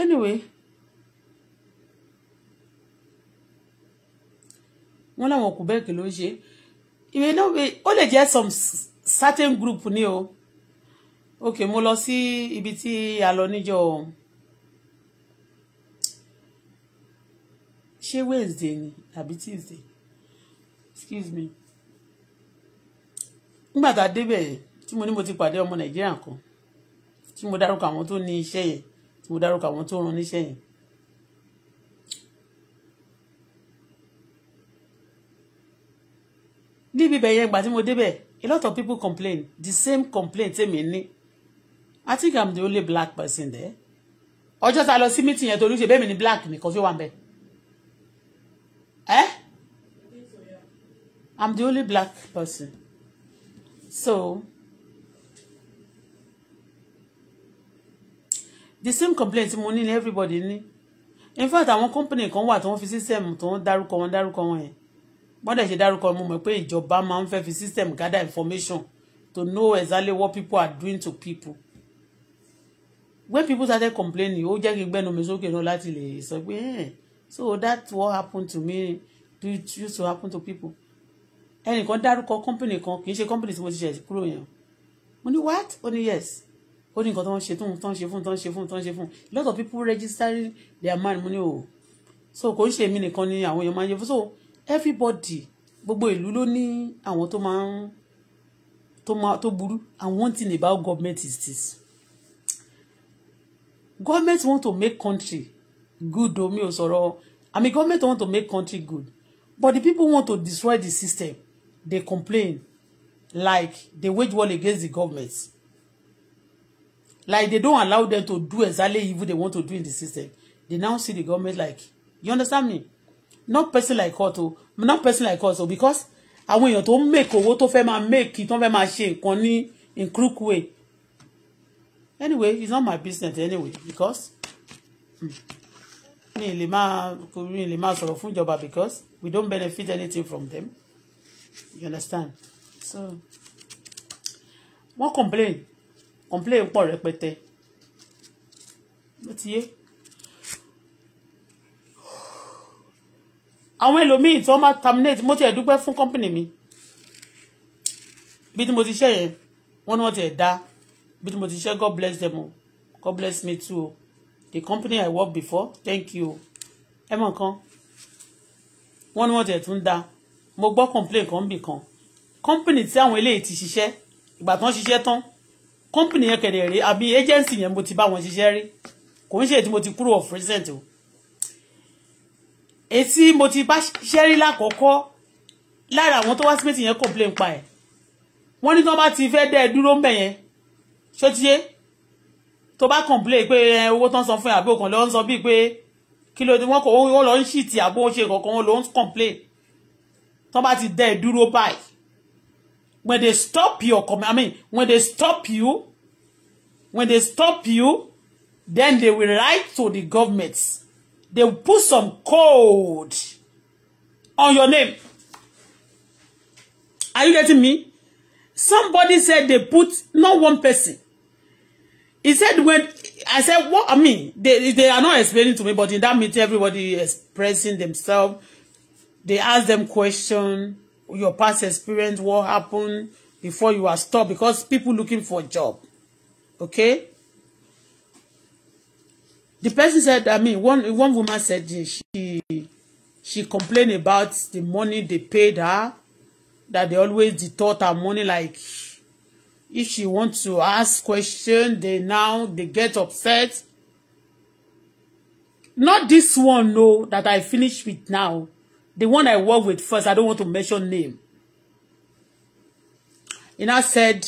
anyway wọ́n làwọn kò bẹ́ẹ̀ kì ló ń ṣe ìwé náà ó lè jẹ́ some certain group ni o ok mo lọ sí ibi tí a lọ níjọ́ ọ̀hún ṣé wednesday ni àbí tuesday excuse me nígbà tá a débẹ̀ tí mo ní mo ti pàdé ọmọ nàìjíríà kan tí mo dárúkọ àwọn tó ní iṣẹ́ yẹn tí mo dárúkọ àwọn tó rán níṣẹ́ yẹn níbi ibẹ̀ yẹn tí mo débẹ̀ a lot of people complain the same complaint tèmi ní I think I'm the only black person there ọjọ́ ta lọ sí meeting yẹn torí ṣe bẹ́ẹ̀ mi ni black nìkan fi wà bẹ́ẹ̀ Eh? I'm the only black person. So, the same complaint mo ní everybody In fact, àwọn company Come what, tó ń fi system tó ń dárúkọ wọn dárúkọ wọn yẹn. Wọ́n dẹ̀ ṣe dárúkọ mo mọ̀ man, ìjọba máa system gather information to know exactly what people are doing to people. When people started complaining, oh jẹ́ kí gbẹ́nu mi sókè náà láti lè sọ pé eh, so that's what happened to me do it used to happen to people ẹnìkan dárúkọ company kan kì í ṣe company tí mo ti ṣe kúrò yẹn mo ní what ó ní yes ó ní nǹkan tó ń ṣe tó ń ṣe fún tó ń ṣe fún tó ń ṣe fún a lot of people registering their man mo ní o oh. so kò ń ṣe èmi nìkan ni àwọn èèyàn máa ń ṣe fún so everybody gbogbo ìlú ló ní àwọn tó máa ń tó máa tó burú and one thing about government is this government want to make country good o mi ò sọ̀rọ̀ I mean government want to make country good but the people want to destroy the system they complain like they wage war against the government like they don't allow them to do exactly even they want to do in the system they now see the government like you understand me not person like us o not person like us o because àwọn èèyàn tó ń make owó tó fẹ́ máa make tó fẹ́ máa ṣe nǹkan ní in crook way anyway it's not my business anyway because. Mm mi lè máa mi lè máa sọ̀rọ̀ fún ìjọba because we don't benefit anything from them you understand so wọ́n complain complain pọ̀ rẹpẹtẹ ló ti yé àwọn ẹlòmíì tí wọ́n máa terminate mo ti ẹ̀ dúpẹ́ fún company mi bí tí mo ti ṣe yẹn wọ́n ní wọ́n ti ẹ̀ dá bí tí mo ti ṣe God bless them o God bless me too o the company I work before thank you ẹ mọ̀ nǹkan wọ́n ní wọ́n tẹ̀ tún da mo gbọ́ complain kan bì kan company tí àwọn eléyìí ti ṣiṣẹ́ ìgbà tán ṣiṣẹ́ tán company yẹn kẹ̀dẹ̀ rí àbí agency yẹn mo ti bá wọn ṣiṣẹ́ rí kò ń ṣe tí mo ti kúrò of recent o èsì mo ti bá ṣiṣẹ́ rí lákọ̀ọ́kọ́ lára àwọn tó wá sí méjì yẹn complain pa ẹ̀ wọ́n ní tí wọ́n bá ti fẹ́ dẹ́ dúró ń bẹ̀ yẹn ṣó ti yé tó bá complain pé eh, owó tán san fún ẹ àbí òkàn lọ ń sọ bíi pé kí ló dé wọn kò ó lọ ń ṣìtì àbó ṣe kankan wọn ló ń complain tó bá ti dẹ dúró báyìí when they stop your comment i mean when they stop you when they stop you then they will write to the government they will put some code on your name are you getting me somebody said they put not one person he said when I said what I mean they they are not explaining to me but in that meeting everybody expressing themselves they ask them question your past experience what happened before you are stopped because people looking for job okay the person said I mean one one woman said she she complained about the money they paid her that they always detort her money like if she want to ask question they now they get upset not this one no that I finish with now the one I work with first I don't want to mention name And I said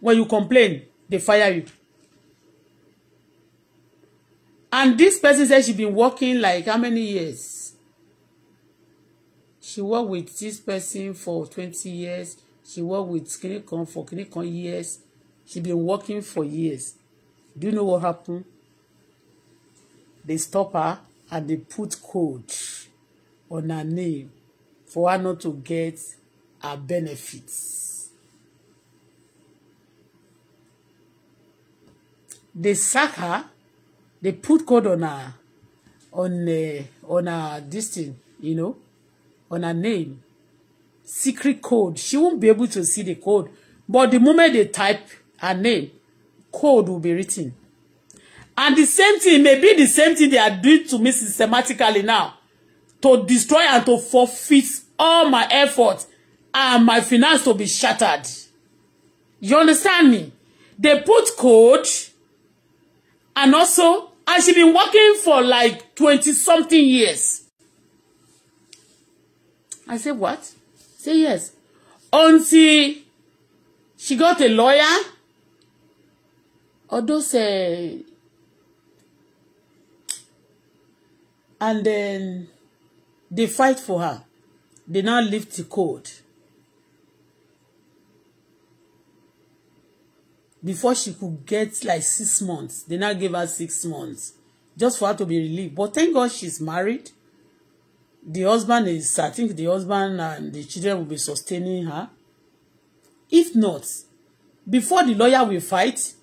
when you complain they fire you and this person said she been working like how many years she worked with this person for 20 years she worked with kinikan for kinikan years she been working for years do you know what happened? they stop her and they put code on her name for her not to get her benefits they sack her they put code on her on uh, on her this thing you know on her name secret code. She won't be able to see the code. But the moment they type her name, code will be written. And the same thing, maybe the same thing they are doing to me systematically now. To destroy and to forfeit all my efforts and my finance to be shattered. You understand me? They put code and also, and she been working for like 20 something years. I said, what? say yes until she got a lawyer or those uh, and then they fight for her they now lift the code before she could get like six months they now gave her six months just for her to be relieved but thank God she's married the husband is i think the husband and the children will be sustaining her if not before the lawyer will fight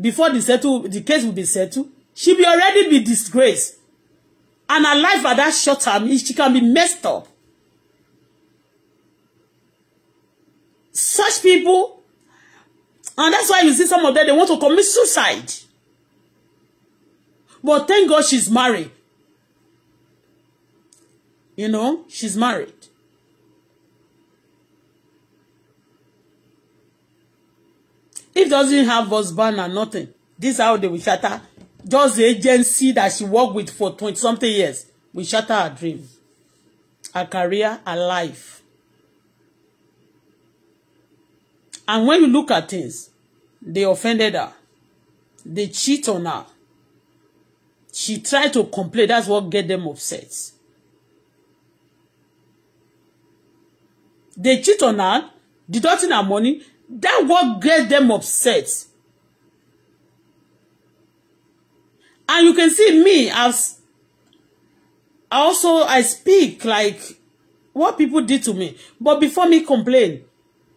before the settle the case will be settled she be already be disgraced and her life at that short term, she can be messed up such people and that's why you see some of them they want to commit suicide but thank God she's married You know, she's married. If doesn't have husband or nothing, this how they will shatter. Just the agency that she worked with for 20 something years will shatter her dream, her career, her life. And when you look at things, they offended her. They cheat on her. She tried to complain. That's what get them upset. They cheat on her, deducting her money. That what get them upset. And you can see me as also I speak like what people did to me. But before me complain,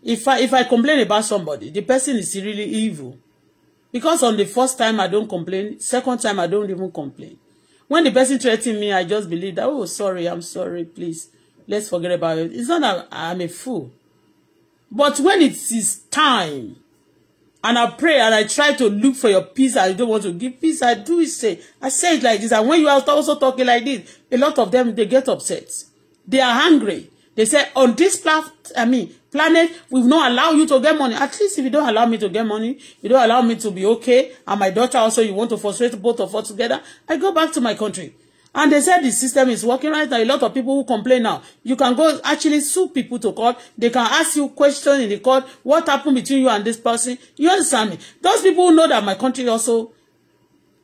if I if I complain about somebody, the person is really evil. Because on the first time I don't complain, second time I don't even complain. When the person threatened me, I just believe that, oh, sorry, I'm sorry, please let's forget about it it's not that i'm a fool but when it is time and I pray and I try to look for your peace. I don't want to give peace. I do it say, I say it like this. And when you are also talking like this, a lot of them, they get upset. They are angry. They say, on this planet, I mean, planet, we will not allow you to get money. At least if you don't allow me to get money, you don't allow me to be okay. And my daughter also, you want to frustrate both of us together. I go back to my country. And they said the system is working right now. A lot of people who complain now. You can go actually sue people to court. They can ask you questions in the court. What happened between you and this person? You understand me? Those people know that my country also,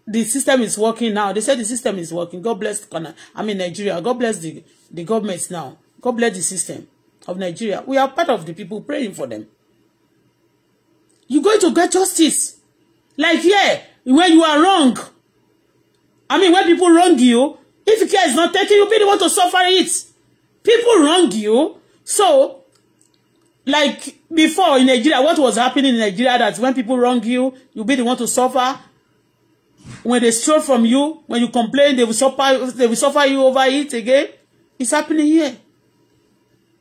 the system is working now. They said the system is working. God bless, I mean Nigeria. God bless the, the government now. God bless the system of Nigeria. We are part of the people praying for them. You're going to get justice. Like, yeah, when you are wrong. I mean, when people wrong you, If care is not taken, you'll be the one to suffer it. People wrong you. So, like before in Nigeria, what was happening in Nigeria that when people wrong you, you'll be the one to suffer. When they stole from you, when you complain, they will suffer, they will suffer you over it again. It's happening here.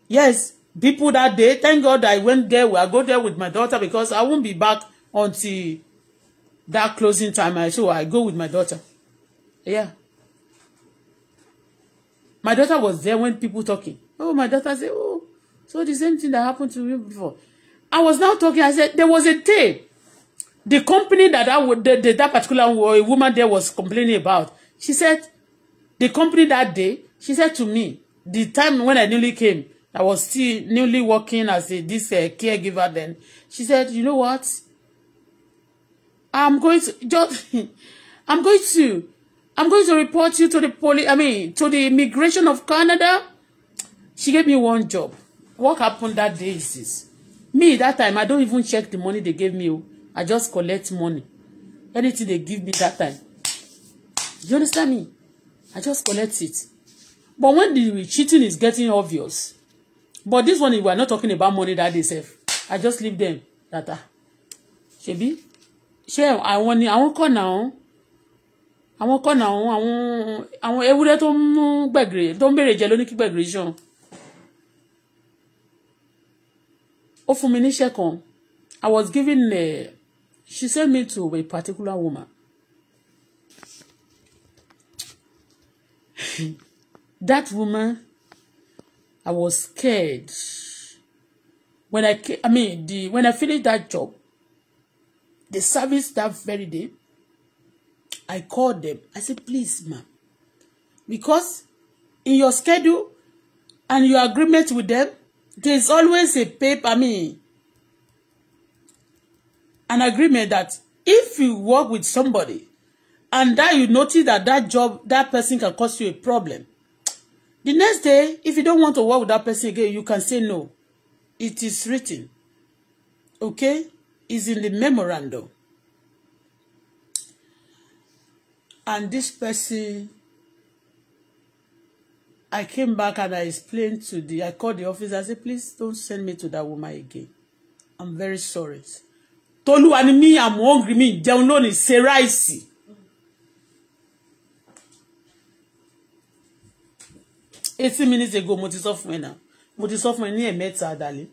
Yes, people that day, thank God I went there. I go there with my daughter because I won't be back until that closing time. I so I go with my daughter. Yeah. My daughter was there when people talking. Oh, my daughter said, oh, so the same thing that happened to me before. I was now talking. I said, there was a day. The company that I would, the, the, that particular woman there was complaining about, she said, the company that day, she said to me, the time when I newly came, I was still newly working as a, this uh, caregiver then. She said, you know what? I'm going to just, I'm going to I'm going to report you to the police, I mean, to the immigration of Canada. She gave me one job. What happened that day is this. Me, that time, I don't even check the money they gave me. Oh. I just collect money. Anything they give me that time. You understand me? I just collect it. But when the cheating is getting obvious, but this one, we are not talking about money that they save. I just leave them. That, uh, ṣebí ṣé àwọn ni àwọn call now àwọn kọ́nà àwọn àwọn ewúrẹ́ tó ń gbẹ̀gìrì tó ń béèrè jẹ lóní kí gbẹ̀gìrì jọ̀hún ó fún mi níṣẹ́ kan I was given eh, a she sent me to a particular woman that woman I was scared when I came, I mean the when I finished that job the service that very day I called them. I said, please, ma'am, because in your schedule and your agreement with them, there's always a paper, I mean, an agreement that if you work with somebody and that you notice that that job, that person can cause you a problem, the next day, if you don't want to work with that person again, you can say no. It is written. Okay? It's in the memorandum. and this person I came back and I explained to the I called the office I said please don't send me to that woman again I'm very sorry Tolu and me, I'm hungry Me jẹun lónìí ṣe ráìsì. eighty minutes ago mo ti sọ fún ẹ náà mo ti sọ fún ẹ ní ẹ̀mẹ́ta àdàlẹ́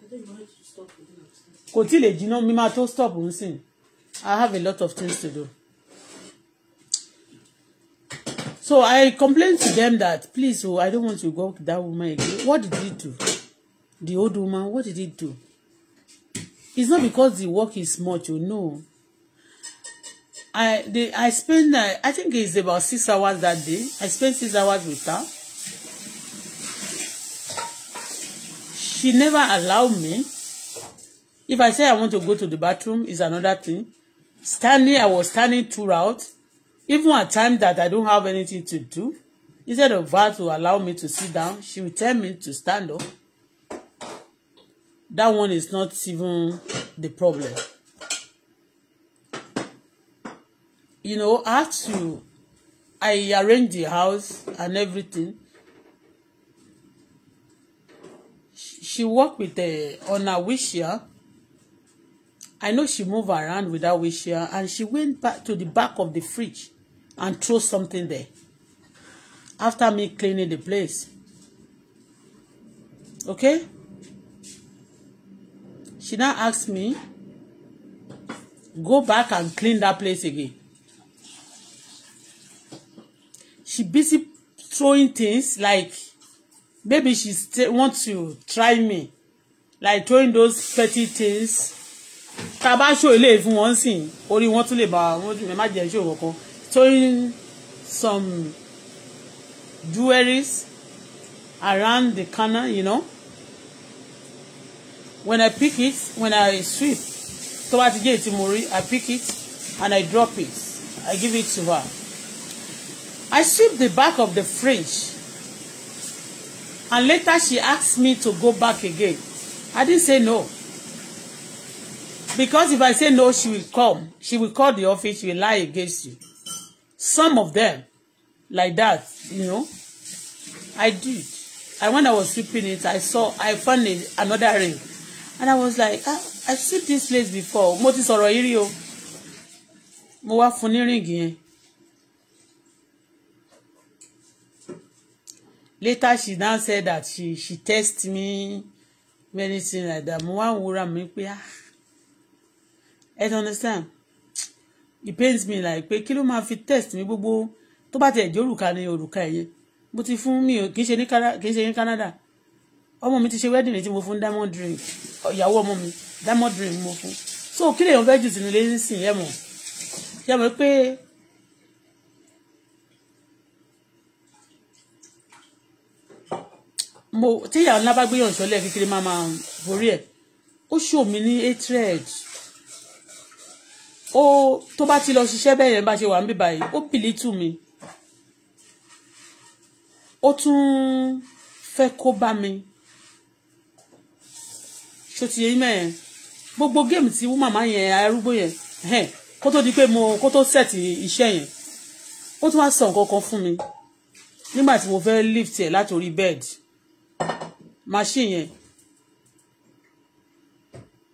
kò tí ì lè jiná mi máa tó stop nsìn I have a lot of things to do. So I complained to them that, please, oh, I don't want to go with that woman again. What did he do? The old woman, what did he do? It's not because the work is much, you oh, know. I I spent, uh, I think it's about six hours that day. I spent six hours with her. She never allowed me. If I say I want to go to the bathroom, is another thing. Standing, I was standing throughout. Even at time that I don't have anything to do, instead of her to allow me to sit down, she will tell me to stand up. That one is not even the problem. You know, I have to, I arrange the house and everything. She work with a, uh, on a wheelchair. I know she move around with that wheelchair and she went back to the back of the fridge and throw something there after me cleaning the place okay she now asked me go back and clean that place again she busy throwing things like maybe she wants to try me like throwing those petty things tá bá ṣó ilé ìfún wọn sìn orí wọn tún lè bá wọn jù mẹ má jẹ ṣó kankan towing some jewelries around the corner, you know. When I pick it, when I sweep, tó bá I pick it and I drop it. I give it to her. I sweep the back of the fridge. And later she asked me to go back again. I didn't say no. Because if I say no, she will come. She will call the office. She will lie against you some of them like that you know I did I when I was sweeping it I saw I found a, another ring and I was like ah I see this place before mo ti sọ̀rọ̀ yìí rí o mo wá fún ní ríǹgì yẹn later she now said that she she test me many things like that mo wá ń wúra mi pé ah I don't understand it pains me like pé kí ló máa fi test mi gbogbo tó bá tiẹ̀ jẹ́ òrùka ni òrùka ẹ̀yẹ mo ti fún mi kì í ṣe ní kì í ṣe ní Canada ọmọ mi ti ṣe wedding tí mo fún diamond ring ìyàwó ọmọ mi diamond ring mo fún so kí lèèyàn fẹ́ jù sínú ilé nísìnyí ẹ̀ mọ̀ yẹ mọ̀ pé mo tí ìyàwó ńlá bá gbé yàn ṣọlẹ̀ kékeré máa máa borí ẹ̀ ó ṣò mí ní hatred ó tó bá ti lọ ṣiṣẹ́ bẹ́ẹ̀ yẹn bá ṣe wà ń bí báyìí ó pìlí tù mí ó tún fẹ́ kó bá mi ṣó ti yẹ mẹ́ẹ̀ gbogbo géèmù tí màmá yẹn arúgbó yẹn kó tó di pé mo kó tó sẹ̀tì iṣẹ́ yẹn ó tún wá sọ nǹkan kan fún mi nígbà tí mo fẹ́ lift ẹ̀ látòrí bed machine yẹn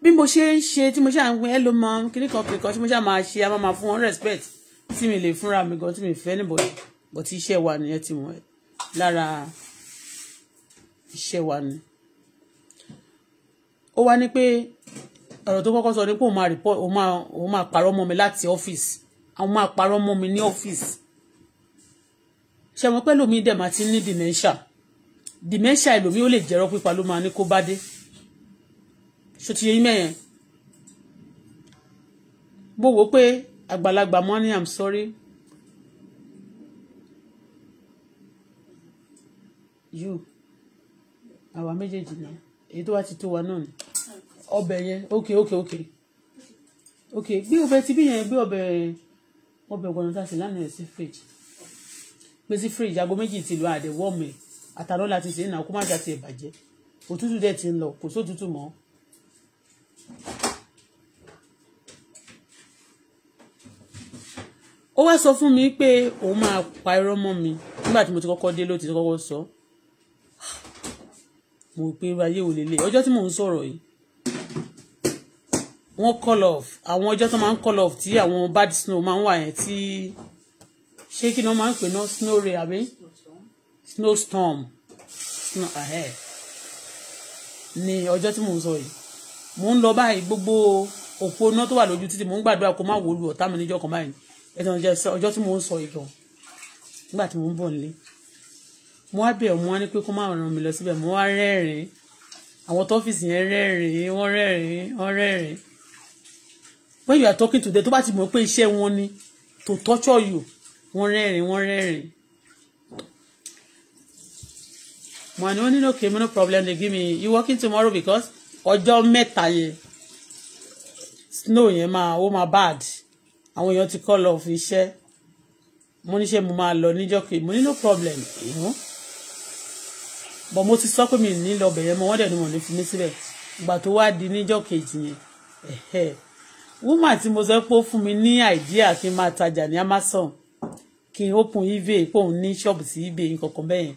bí mo ṣe ń ṣe tí mo ṣe à ń win ẹ ló máa ń kíní kan kìkan tí mo ṣe à máa ṣe a máa máa fún wọn respect tí mi lè fúnra mi gan tí mi fẹ́ níbọ̀dì bọ̀ tí iṣẹ́ wa nìyẹn ti mọ̀ ẹ́ lára iṣẹ́ wa ni. ó wá ní pé ọ̀rọ̀ tó kọ́kọ́ sọ ni pé òun máa report òun máa òun máa parọ́ mọ́ mi láti ọ́fíìsì àwọn máa parọ́ mọ́ mi ní ọ́fíìsì. ṣé mo pẹ́ lómi dẹ̀ máa ti ní dementia dementia ẹlòmí ó lè jẹ́rọ́ pípa ló máa ní kó bá dé ṣòtì yẹn mẹ́yẹn mo wò pé àgbàlagbà money i'm sorry you àwa méjèèjì náà èyí tó wá ti tó wa náà ni ọbẹ̀ yẹn ok ok ok ok gbé ọbẹ̀ tí bí yẹn gbé ọbẹ̀ ọbẹ̀ ọgbọ̀n tá a sì lánàá sí fridge gbé sí fridge aago méjì ti lọ àdẹ̀wọ́ mi àtàlọ́ láti ṣe é náà kó má jà ti ẹ̀ bàjẹ́ òtútù dẹ̀ ti ń lọ kò sótútù mọ́ ó wá sọ fún mi pé òun máa pa irọ́ mọ́ mi nígbà tí mo ti kọ́kọ́ dé ló ti kọ́kọ́ sọ mo pe ayé wò lélẹ̀ ọjọ́ tí mò ń sọ̀rọ̀ yìí wọ́n call off àwọn ọjọ́ tó máa ń call off tí àwọn bad snow máa ń wà yẹn tí ṣé kí ni wọ́n máa ń pè ná snow ray àbí snowstorm snow ahead eh, eh. ni ọjọ́ tí mò ń sọ yìí mò ń lọ báyìí gbogbo òpó iná tó wà lójú títì mò ń gbàdúrà kó má wòlú ọ̀tá mi níjọ́ kan báyìí ẹ̀sán ọjọ́ tí mò ń sọ ìtàn nígbà tí mò ń bọ̀ nílé mo wá bẹ̀ mo wá ní pé kó má ràn mí lọ síbẹ̀ mo wá rẹ́rìn àwọn tọ́fíìsì yẹn rẹ́rìn wọ́n rẹ́rìn wọ́n rẹ́rìn when you are talking to them tó bá ti mọ̀ pé iṣẹ́ wọn ni to torture you wọ́n rẹ́rìn wọ́n rẹ́rìn mo àná wọn nínú okay no problem they give me you working tomorrow because ọjọ́ mẹ́ta yẹn snow yẹn máa ó máa bad àwọn èèyàn ti kọ́ lọ fi iṣẹ́ mo ní ṣe mo máa lọ níjọ́ kejì mo ní no problem you know but mo ti sọ pé mi ní lọ bẹ̀yẹn mo wọ́n dẹ̀ ni mo lè fi mí síbẹ̀ ìgbà tó wá di níjọ́ kejì yẹn wúmà tí mo sọ pé ó fún mi ní àìdíà kí n máa tajà ní Amazon kí n open eBay pé òun ní ṣọ́ọ̀bù sí eBay nǹkan kan bẹ́yẹn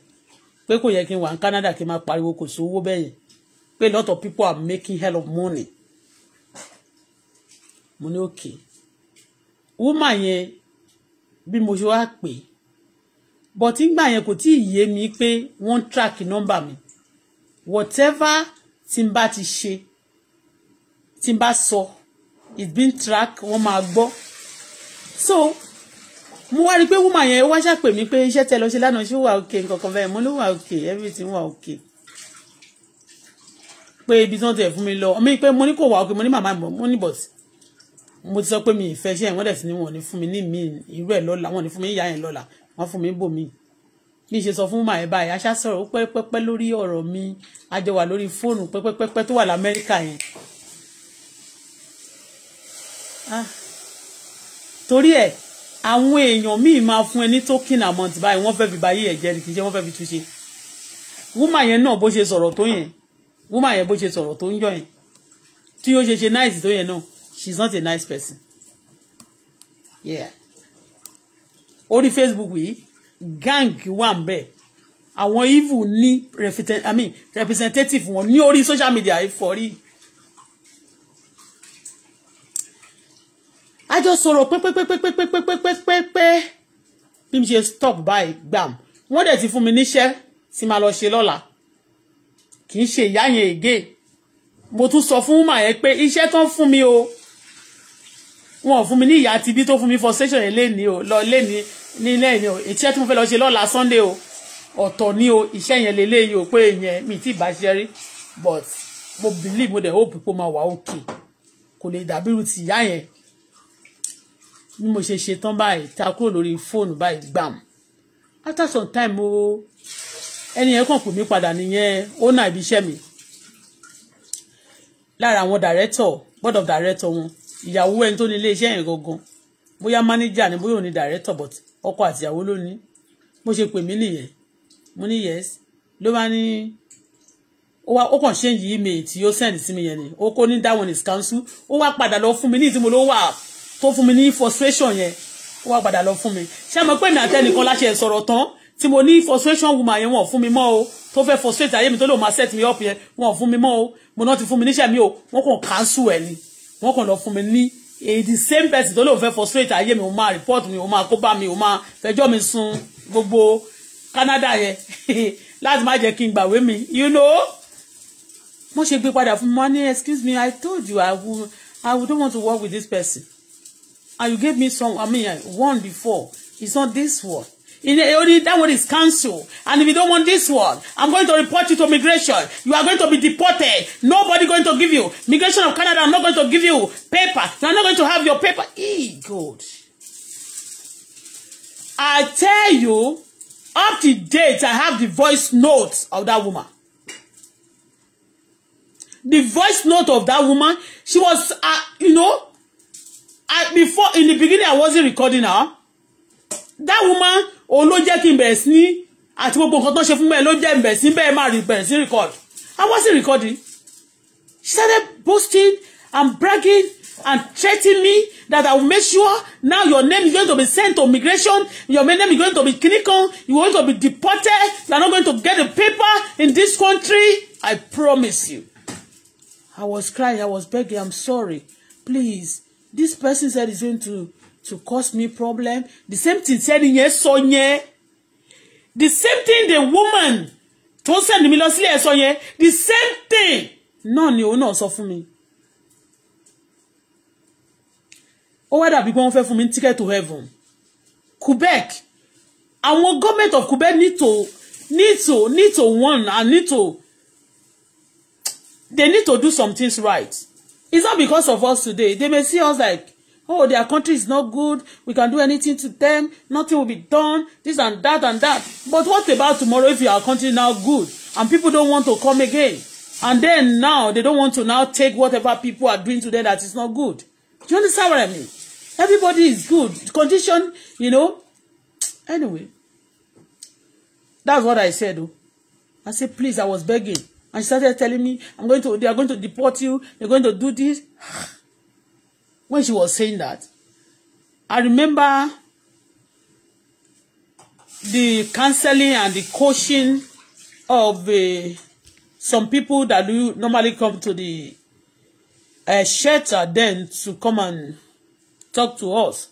pé kò yẹ kí n wà ní Canada kí n máa pariwo kò sówó bẹ́yẹn pé a lot of people are making hell of money mo ní òkè wúmà yẹn bí mo ṣe wá pè é bọ̀tí ngbà yẹn kò tí ì yé mi pé wọ́n track number mi whatever tí n bá ti ṣe tí n bá sọ it's been track wọ́n máa gbọ́ so mo wá rí i pé wúmà yẹn wá ṣàpè mí pé iṣẹ́ tẹ lọ ṣe lánàá ṣé wà òkè nǹkan kan bẹ́ẹ̀ mo ló wà òkè everything wà òkè. Okay pé ibi tí wọ́n ti ẹ̀ fún mi lọ mi pé mo ní kò wá òkè mo ní màmá mo ní bọ̀sì mo ti sọ pé mi ìfẹ́ ṣe wọ́n dẹ̀ sí ni wọ́n ní fún mi ní mi irú ẹ̀ lọ́la wọ́n ní fún mi ìyá yẹn lọ́la wọ́n fún mi bò mí bí ṣe sọ fún màá ẹ̀ báyìí aṣá sọ̀rọ̀ ó lórí ọ̀rọ̀ mi a jọ wà lórí fóònù pẹ́pẹ́pẹ́ tó wà lamẹ́ríkà yẹn ah, torí ẹ̀ àwọn èèyàn míì máa fún ẹ ní token amount báyìí wọ́n fẹ́ fi báyìí ẹ̀ kì í ṣe wọ́n fẹ́ fi túnṣe wúmà yẹn náà bó ṣe sọ̀rọ̀ tó yẹn woman yẹn bó ṣe sọ̀rọ̀ tó ń yọ yẹn tí ó ṣe ṣe nice tó yẹn náà she is not a nice person yeah orí Facebook yìí gang wà ń bẹ àwọn evil ní i mean representative wọn ní orí social media ìfọ̀rí. a jọ sọ̀rọ̀ pẹ́pẹ́pẹ́pẹ́pẹ́pẹ́pẹ́pẹ́ bí mo ṣe stop by gbam wọ́n dẹ̀ ti fún mi níṣẹ́ tí màá lọ ṣe lọ́la kì í ṣe ìyá yẹn ègé mo tún sọ fún mà yẹn pé iṣẹ́ tán fún mi o wọn ò fún mi ní ìyá tibí tó fún mi frustration yẹn léni o lọ léni nílẹ̀ ni o iṣẹ́ tí mo fẹ́ lọ ṣe lọ́la Sunday o ọ̀tọ̀ ni o iṣẹ́ yẹn lélẹ́yìí o pé yẹn mi ti bá ṣe rí but mo believe mo dẹ̀ hope pé ó máa wà okay kò lè dàbí irú ti ìyá yẹn bí mo ṣe ṣe tán báyìí ta kúrò lórí fóònù báyìí gbàm after some time o. Oh, ẹni yẹn kàn pè mí padà nìyẹn owner ibi mi lára àwọn director board of director wọn ìyàwó ẹni tó ní ilé yẹn gangan bóyá manager ni bóyá òní director but ọkọ àti ìyàwó ló ní bó ṣe pè mí nìyẹn mo ní yes ló bá ní ó wá ó kàn change email tí ó send sí mi yẹn ni ó kó ní that one is cancel ó wá padà lọ fún mi ní ìtumọ̀ ló wà tó fún mi ní frustration yẹn ó wá padà lọ fún mi ṣé àmọ́ pé mi àtẹnìkan láṣẹ sọ̀rọ̀ tán tí mo ní frustration woman yẹn wọ́n fún mi mọ́ o tó fẹ́ frustrate ayé mi tó lóun máa set me up yẹn wọ́n fún mi mọ́ o mo náà ti fún mi níṣẹ́ mi o wọ́n kàn cancel ẹ̀ ni wọ́n kàn lọ fún mi ní eh, the same person tó lóun fẹ́ frustrate ayé mi o máa report mi o máa kó bá mi o máa fẹjọ́ mi sun gbogbo Canada yẹn láti má jẹ́ kí n gbàwé mi you know mo ṣe gbé padà fún mi wọ́n ní excuse me I told you I would, I don't want to work with this person and you gave me some I mean one before it's not this one In, only that one is cancelled. And if you don't want this one, I'm going to report you to immigration. You are going to be deported. Nobody going to give you. immigration of Canada, I'm not going to give you paper. You are not going to have your paper. E good. I tell you, up to date, I have the voice notes of that woman. The voice note of that woman, she was, uh, you know, I, before, in the beginning, I wasn't recording her that woman òun ló jẹ́ kí n bẹ̀rẹ̀ sí ní àti gbogbo nǹkan tó ṣe fún bẹ́ẹ̀ ló jẹ́ bẹ̀rẹ̀ sí bẹ́ẹ̀ máa bẹ̀rẹ̀ sí record I wasn't recording she started boasting and bragging and threatening me that I will make sure now your name is going to be sent to immigration your name is going to be clinical you are going to be deported you are not going to get a paper in this country I promise you I was crying I was begging I'm sorry please this person said he's going to to cause me problem the same thing tẹ́ni yẹn sọ yẹn the same thing the woman tó ń send mi lọ sílé ẹ̀ sọ yẹn the same thing náà ni òun náà sọ fún mi. ó wá dàbí pé wọ́n fẹ́ fún mi ticket to heaven Quebec àwọn government of Quebec need to need to need to warn and need to they need to do some things right it's not because of us today they may see us like oh their country is not good we can do anything to them nothing will be done this and that and that but what about tomorrow if your country now good and people don't want to come again and then now they don't want to now take whatever people are doing to them that is not good do you understand what I mean everybody is good condition you know anyway that's what I said oh I said please I was begging and she started telling me I'm going to they are going to deport you they're going to do this ah when she was saying that i remember the counseling and the coaching of uh, some people that do normally come to the uh, shelter then to come and talk to us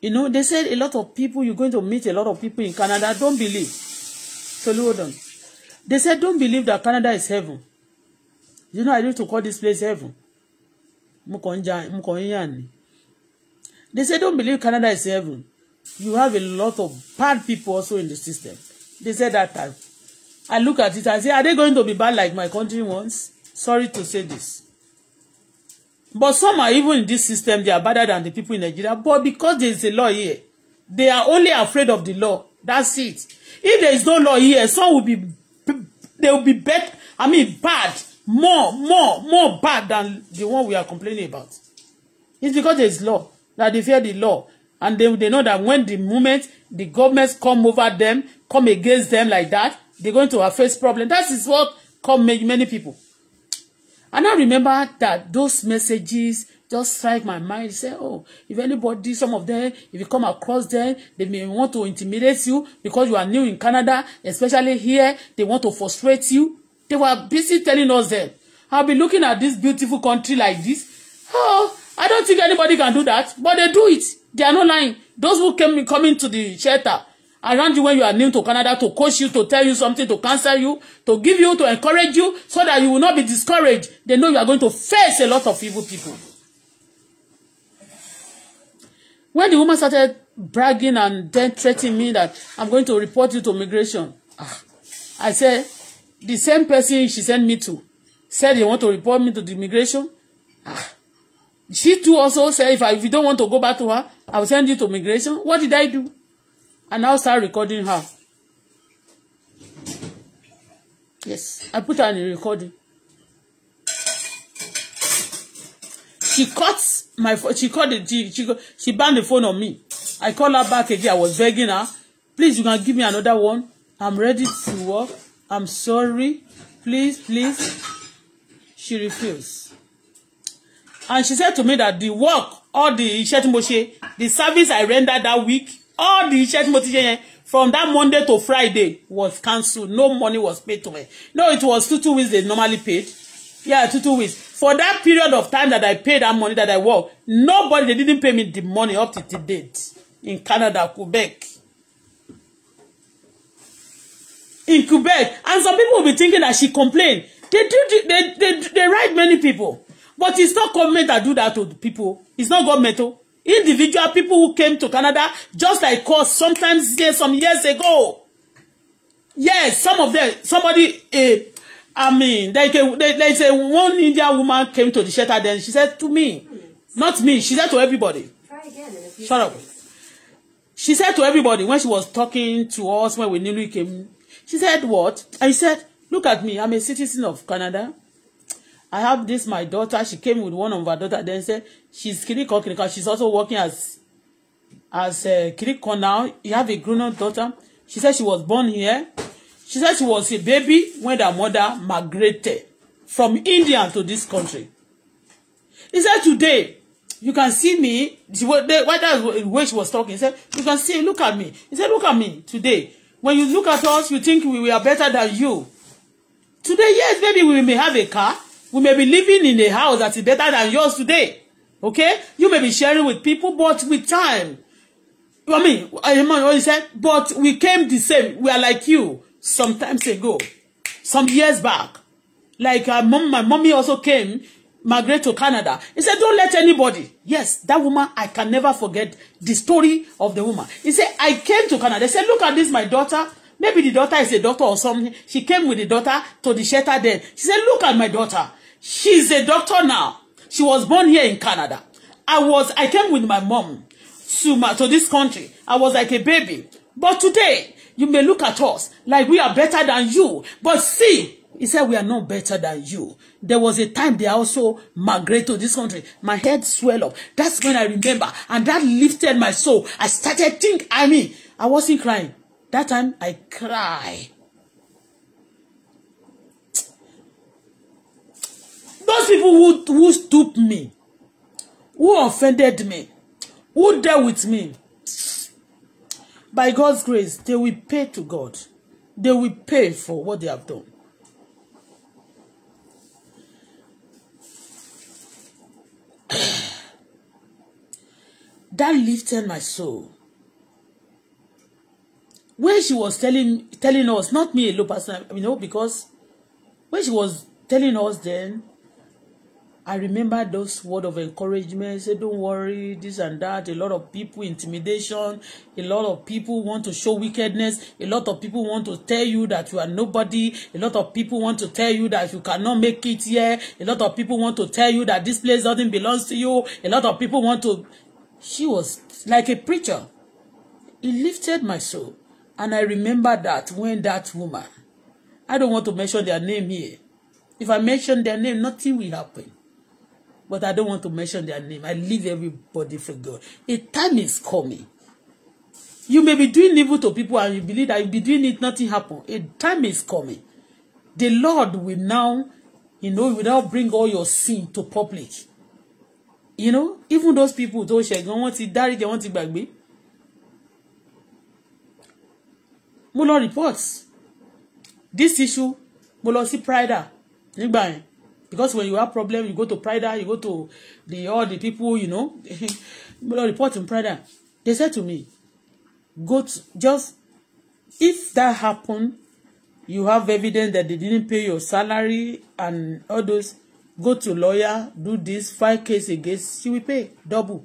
you know they said a lot of people you're going to meet a lot of people in Canada don't believe so hold on they said don't believe that Canada is heaven you know I used to call this place heaven mo kàn they say don't believe Canada is heaven you have a lot of bad people also in the system they said that time I look at it I say are they going to be bad like my country once sorry to say this but some are even in this system they are better than the people in Nigeria but because there is a law here they are only afraid of the law that's it if there is no law here some will be they will be bad I mean bad more, more, more bad than the one we are complaining about. It's because there is law, that they fear the law. And they, they know that when the moment the governments come over them, come against them like that, they're going to face problem. That is what come many, many people. And I remember that those messages just strike my mind. Say, oh, if anybody, some of them, if you come across them, they may want to intimidate you because you are new in Canada, especially here. They want to frustrate you. They were busy telling us that I'll be looking at this beautiful country like this. Oh, I don't think anybody can do that. But they do it. They are not lying. Those who came coming to the shelter around you when you are new to Canada to coach you, to tell you something, to counsel you, to give you, to encourage you, so that you will not be discouraged. They know you are going to face a lot of evil people. When the woman started bragging and then threatening me that I'm going to report you to immigration, ah, I said, the same person she sent me to said they want to report me to the immigration. Ah. She too also said, if, I, if you don't want to go back to her, I will send you to immigration. What did I do? And now start recording her. Yes, I put her in the recording. She cut my phone. She cut the she, she she banned the phone on me. I call her back again. I was begging her, please, you can give me another one. I'm ready to work. I'm sorry. Please, please. She refused. And she said to me that the work, all the iṣẹ́ the service I rendered that week, all the iṣẹ́ tí from that Monday to Friday was cancelled. No money was paid to me. No, it was two, two weeks they normally paid. Yeah, two, two weeks. For that period of time that I paid that money that I worked, nobody, they didn't pay me the money up to the date in Canada, Quebec. in Quebec. And some people will be thinking that she complained. They do, they, they, they write many people. But it's not government that do that to people. It's not governmental. Oh. Individual people who came to Canada just like us sometimes years, some years ago. Yes, some of them, somebody, eh, I mean, they a, they, say one Indian woman came to the shelter then she said to me, not me, she said to everybody. Try again. Shut up. She said to everybody when she was talking to us when we newly came She said, what? I said, look at me. I'm a citizen of Canada. I have this, my daughter. She came with one of her daughter. Then said, she's Kiriko Kiriko. She's also working as, as uh, Kiriko now. You have a grown-up daughter. She said she was born here. She said she was a baby when her mother migrated from India to this country. He said, today, you can see me. She, was, they, why that's the way she was talking. He said, you can see, look at me. He said, look at me today. When you look at us, you think we, are better than you. Today, yes, maybe we may have a car. We may be living in a house that is better than yours today. Okay? You may be sharing with people, but with time. I mean, I mean what you said, but we came the same. We are like you sometimes ago, some years back. Like uh, mom, my mommy also came migrate to Canada. He said, don't let anybody. Yes, that woman, I can never forget the story of the woman. He said, I came to Canada. He said, look at this, my daughter. Maybe the daughter is a doctor or something. She came with the daughter to the shelter there. She said, look at my daughter. She's a doctor now. She was born here in Canada. I was, I came with my mom to, my, to this country. I was like a baby. But today, you may look at us like we are better than you. But see, he said, we are not better than you. There was a time they also migrated to this country. My head swelled up. That's when I remember. And that lifted my soul. I started think. I mean, I wasn't crying. That time, I cry. Those people who, who stooped me, who offended me, who dealt with me, by God's grace, they will pay to God. They will pay for what they have done. that lifted my soul. When she was telling telling us, not me alone person, you know, because when she was telling us then, I remember those words of encouragement, say don't worry, this and that, a lot of people, intimidation, a lot of people want to show wickedness, a lot of people want to tell you that you are nobody, a lot of people want to tell you that you cannot make it here, a lot of people want to tell you that this place doesn't belong to you, a lot of people want to, She was like a preacher. It lifted my soul. And I remember that when that woman, I don't want to mention their name here. If I mention their name, nothing will happen. But I don't want to mention their name. I leave everybody for God. A time is coming. You may be doing evil to people and you believe that you be doing it, nothing happen. A time is coming. The Lord will now, you know, will now bring all your sin to public you know even those people tó ṣẹ̀gàn wọ́n ti dáríjẹ wọ́n ti gbàgbé mo lọ report this issue mo lọ sí prida nígbà yẹn because when you have problem you go to prida you go to the all the people you know mo lọ report in prida they said to me go to just if that happen you have evidence that they didn't pay your salary and all those go to lawyer do this file case against she will pay double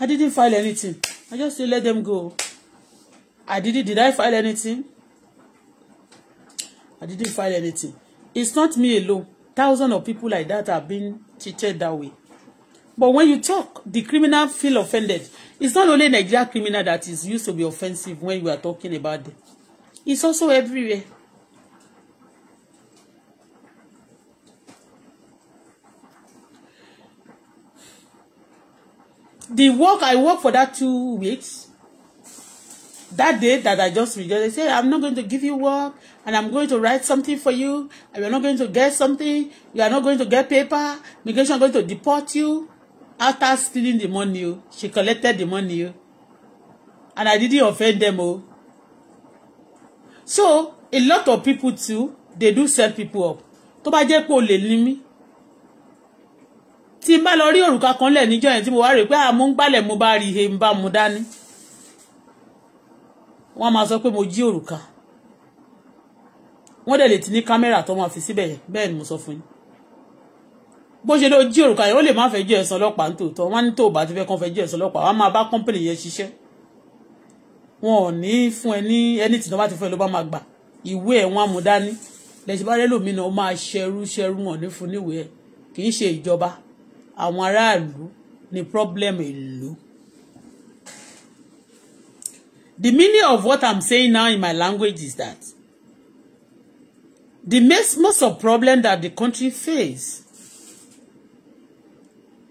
I didn't file anything I just say let them go I didn't did I file anything I didn't file anything it's not me alone thousands of people like that have been cheated that way but when you talk the criminal feel offended it's not only Nigeria criminal that is used to be offensive when you are talking about them it's also everywhere the work I work for that two weeks, that day that I just rejected, they say, I'm not going to give you work and I'm going to write something for you and you're not going to get something, you are not going to get paper, migration are going to deport you. After stealing the money, oh, she collected the money. Oh. And I didn't offend them. All. Oh. So, a lot of people too, they do set people up. Tó bá jẹ́ pé olè ní mí, tí n bá lọ rí òrùka kan lẹ̀ níjọ́ yẹn tí mo wá rè pé àmú ah, ń gbálẹ̀ mo bá rí ihe ń bá mu dání wọ́n máa sọ pé mo jí òrùka wọ́n dẹ̀ lè ti ní kámẹ́rà tó máa fi síbẹ̀ bẹ́ẹ̀ ni mo sọ fún yín bó ṣe lọ jí òrùka yẹn ó lè má fẹ́ jí ẹ̀sán ọlọ́pàá nítòótọ́ wọ́n ní tó bá ti fẹ́ kàn fẹ́ jí ẹ̀sán ọlọ́pàá wọ́n máa bá kọ́ńpìnì yẹn ṣiṣẹ́ wọn ò ní fún ẹ ní ẹni tí wọ́n bá ti fún ẹ ló bá máa gbà ìwé ẹ̀ wọ́n á mú dání lẹ́sìn bá rẹ́ ó máa ṣẹrú ṣẹrú wọn ní fún níwèé kì í ṣe ìjọba àwọn aráàlú ni problem ìlú. The meaning of what I'm saying now in my language is that the most, most of problem that the country face,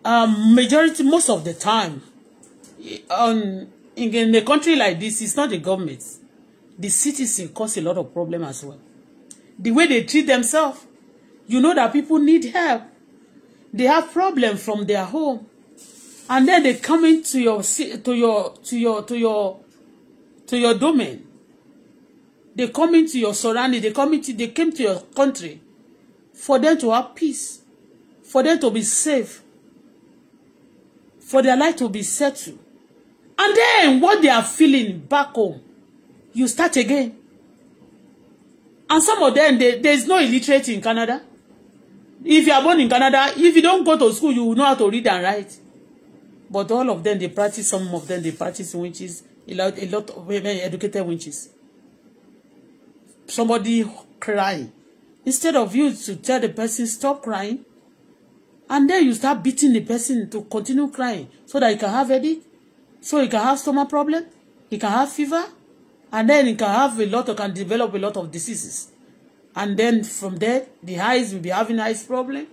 um, majority most of the time, on in, in a country like this, it's not the government. The citizen cause a lot of problem as well. The way they treat themselves, you know that people need help they have problem from their home and then they come into your to your to your to your to your domain they come into your surrounding they come into they came to your country for them to have peace for them to be safe for their life to be settled and then what they are feeling back home you start again and some of them they, there is no illiterate in Canada if you are born in Canada if you don't go to school you will know how to read and write but all of them they practice some of them they practice witches a lot a lot of women educated witches somebody crying instead of you to tell the person stop crying and then you start beating the person to continue crying so that he can have headache so he can have stomach problem he can have fever and then he can have a lot of can develop a lot of diseases and then from there the eyes will be having eyes problem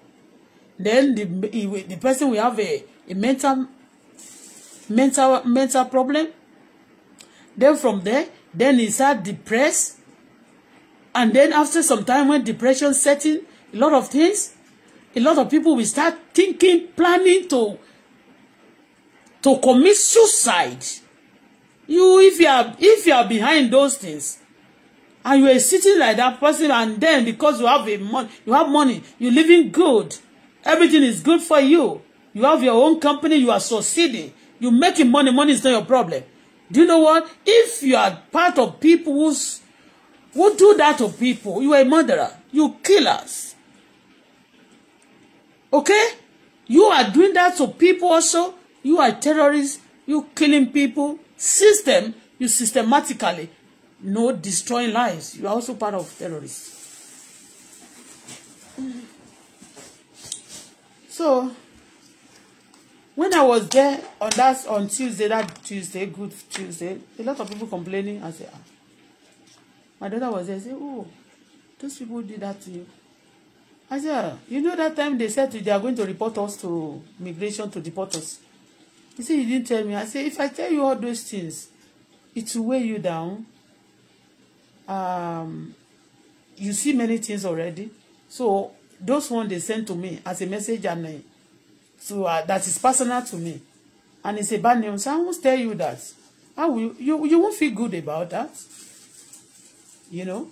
then the the person will have a, a mental mental mental problem then from there then he start depressed and then after some time when depression set in a lot of things a lot of people will start thinking planning to to commit suicide you if you are if you are behind those things and you are sitting like that person and then because you have a money you have money you living good everything is good for you you have your own company you are succeeding you making money money is not your problem do you know what if you are part of people who's who do that to people you are a murderer you killers okay you are doing that to people also you are terrorists you killing people system you systematically no destroying lives. You are also part of terrorists. So, when I was there on that on Tuesday, that Tuesday, Good Tuesday, a lot of people complaining. I said, ah. my daughter was there. I said, oh, those people did that to you. I said, ah. you know that time they said they are going to report us to migration to deport us. He said, you didn't tell me. I said, if I tell you all those things, it will weigh you down um, you see many things already. So those one they sent to me as a message and uh, so uh, that is personal to me. And it's a bad news. I won't tell you that. I will, you, you won't feel good about that. You know?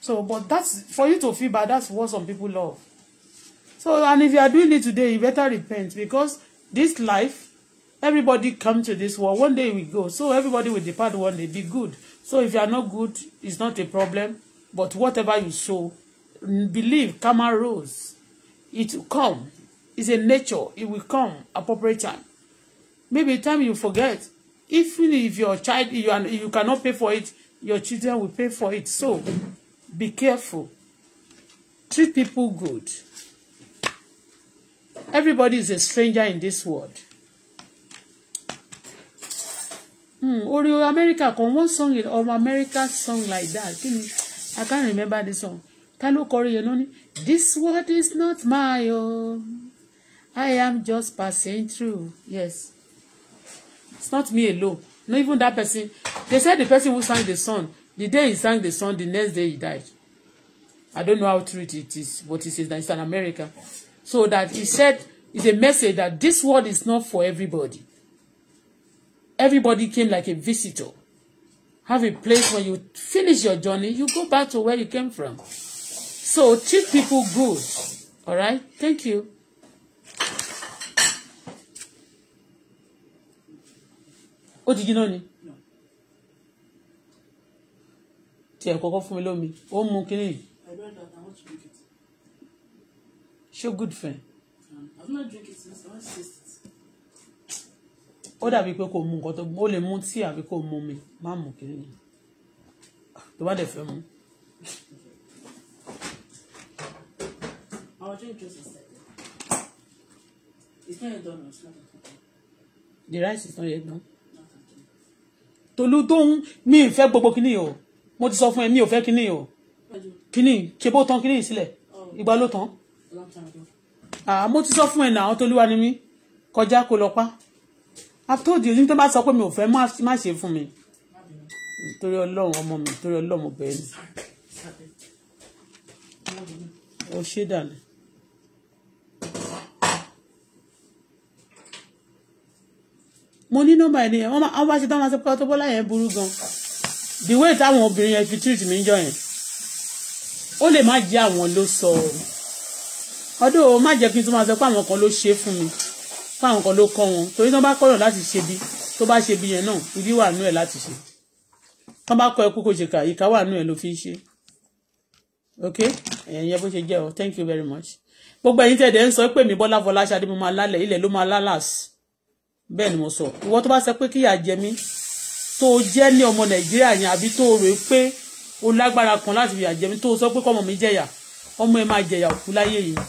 So, but that's, for you to feel bad, that's what some people love. So, and if you are doing it today, you better repent because this life everybody come to this world one day we go so everybody will depart one day be good so if you are not good it's not a problem but whatever you show, believe karma rules it will come it's a nature it will come appropriate time maybe time you forget If if your child you, are, you cannot pay for it your children will pay for it so be careful treat people good everybody is a stranger in this world Hmm. Orio America. kan one song It or America song like that kí i can't remember the song ká ló kọrin yẹn this world is not my own i am just passing through yes it's not me alone not even that person they said the person who sang the song the day he sang the song the next day he died i don't know how true it is but it says that it's in america so that he said it's a message that this world is not for everybody everybody came like a visitor. Have a place where you finish your journey, you go back to where you came from. So treat people good. All right? Thank you. did you know me? No. ó ti jiná ni tiẹ̀ kọ́kọ́ that. I want to drink it. yìí a good friend. Um, I've not drink it since I was 16 ó dàbí pé kò mu nǹkan tó ó lè mu tíì àbí kò mu mi má mú kiri ni tó bá dẹ̀ fẹ́ mu. The rice is not yet done. Tolu tó ń mi ì fẹ́ gbogbo kíní o. Mo ti sọ fún ẹ mi ò fẹ́ kíní o. Kíní ṣe bó tán kíní yìí sílẹ̀. Oh. Ìgbà ló tán. Ah, mo ti sọ fún ẹ nà àwọn Tolúwa ni mí. Kọjá kó lọ pa. I've told you, tó bá sọ pé mi ò fẹ́ má ṣe fún mi. Torí Ọlọ́run ọmọ mi, torí Ọlọ́run ọbẹ̀ ni. Ó ṣé dànù. Mo ní nọ́mbà ẹni yẹn, wọ́n bá ṣe táwọn aṣọ pátó bọ́lá yẹn burú gan. The way táwọn obìnrin yẹn fi treat mi jọ yẹn. Ó lè má jẹ́ àwọn ló sọ ọ́. Ọdún ò má jẹ́ kí n tún máa sọ pé àwọn kan ló ṣe fún mi fún àwọn kan ló kọ́ wọn torí tán bá kọ́ yàn láti ṣe bí tó bá ṣe bí yẹn náà ibi wà nú ẹ̀ láti ṣe tán bá kọ́ ẹ kò ṣe kà ìka wà nú ẹ̀ ló fi ń ṣe ok ẹ̀yẹn yẹn bó ṣe jẹ́ o thank you very much gbogbo ẹ̀yin tẹ̀dẹ̀ ń sọ pé mi Bọ́lá Fọláṣadé mo máa lálẹ̀ ilẹ̀ ló máa lálàs bẹ́ẹ̀ ni mo sọ ìwọ tó bá sọ pé kíyà jẹ mí tó jẹ́ ní ọmọ Nàìjíríà yẹn àbí tó rò pé o lágbára kan láti fìyà jẹ mí tó sọ pé kọ́mọ mi jẹ̀yà ọmọ ẹ máa jẹ̀yà òkú láyé yìí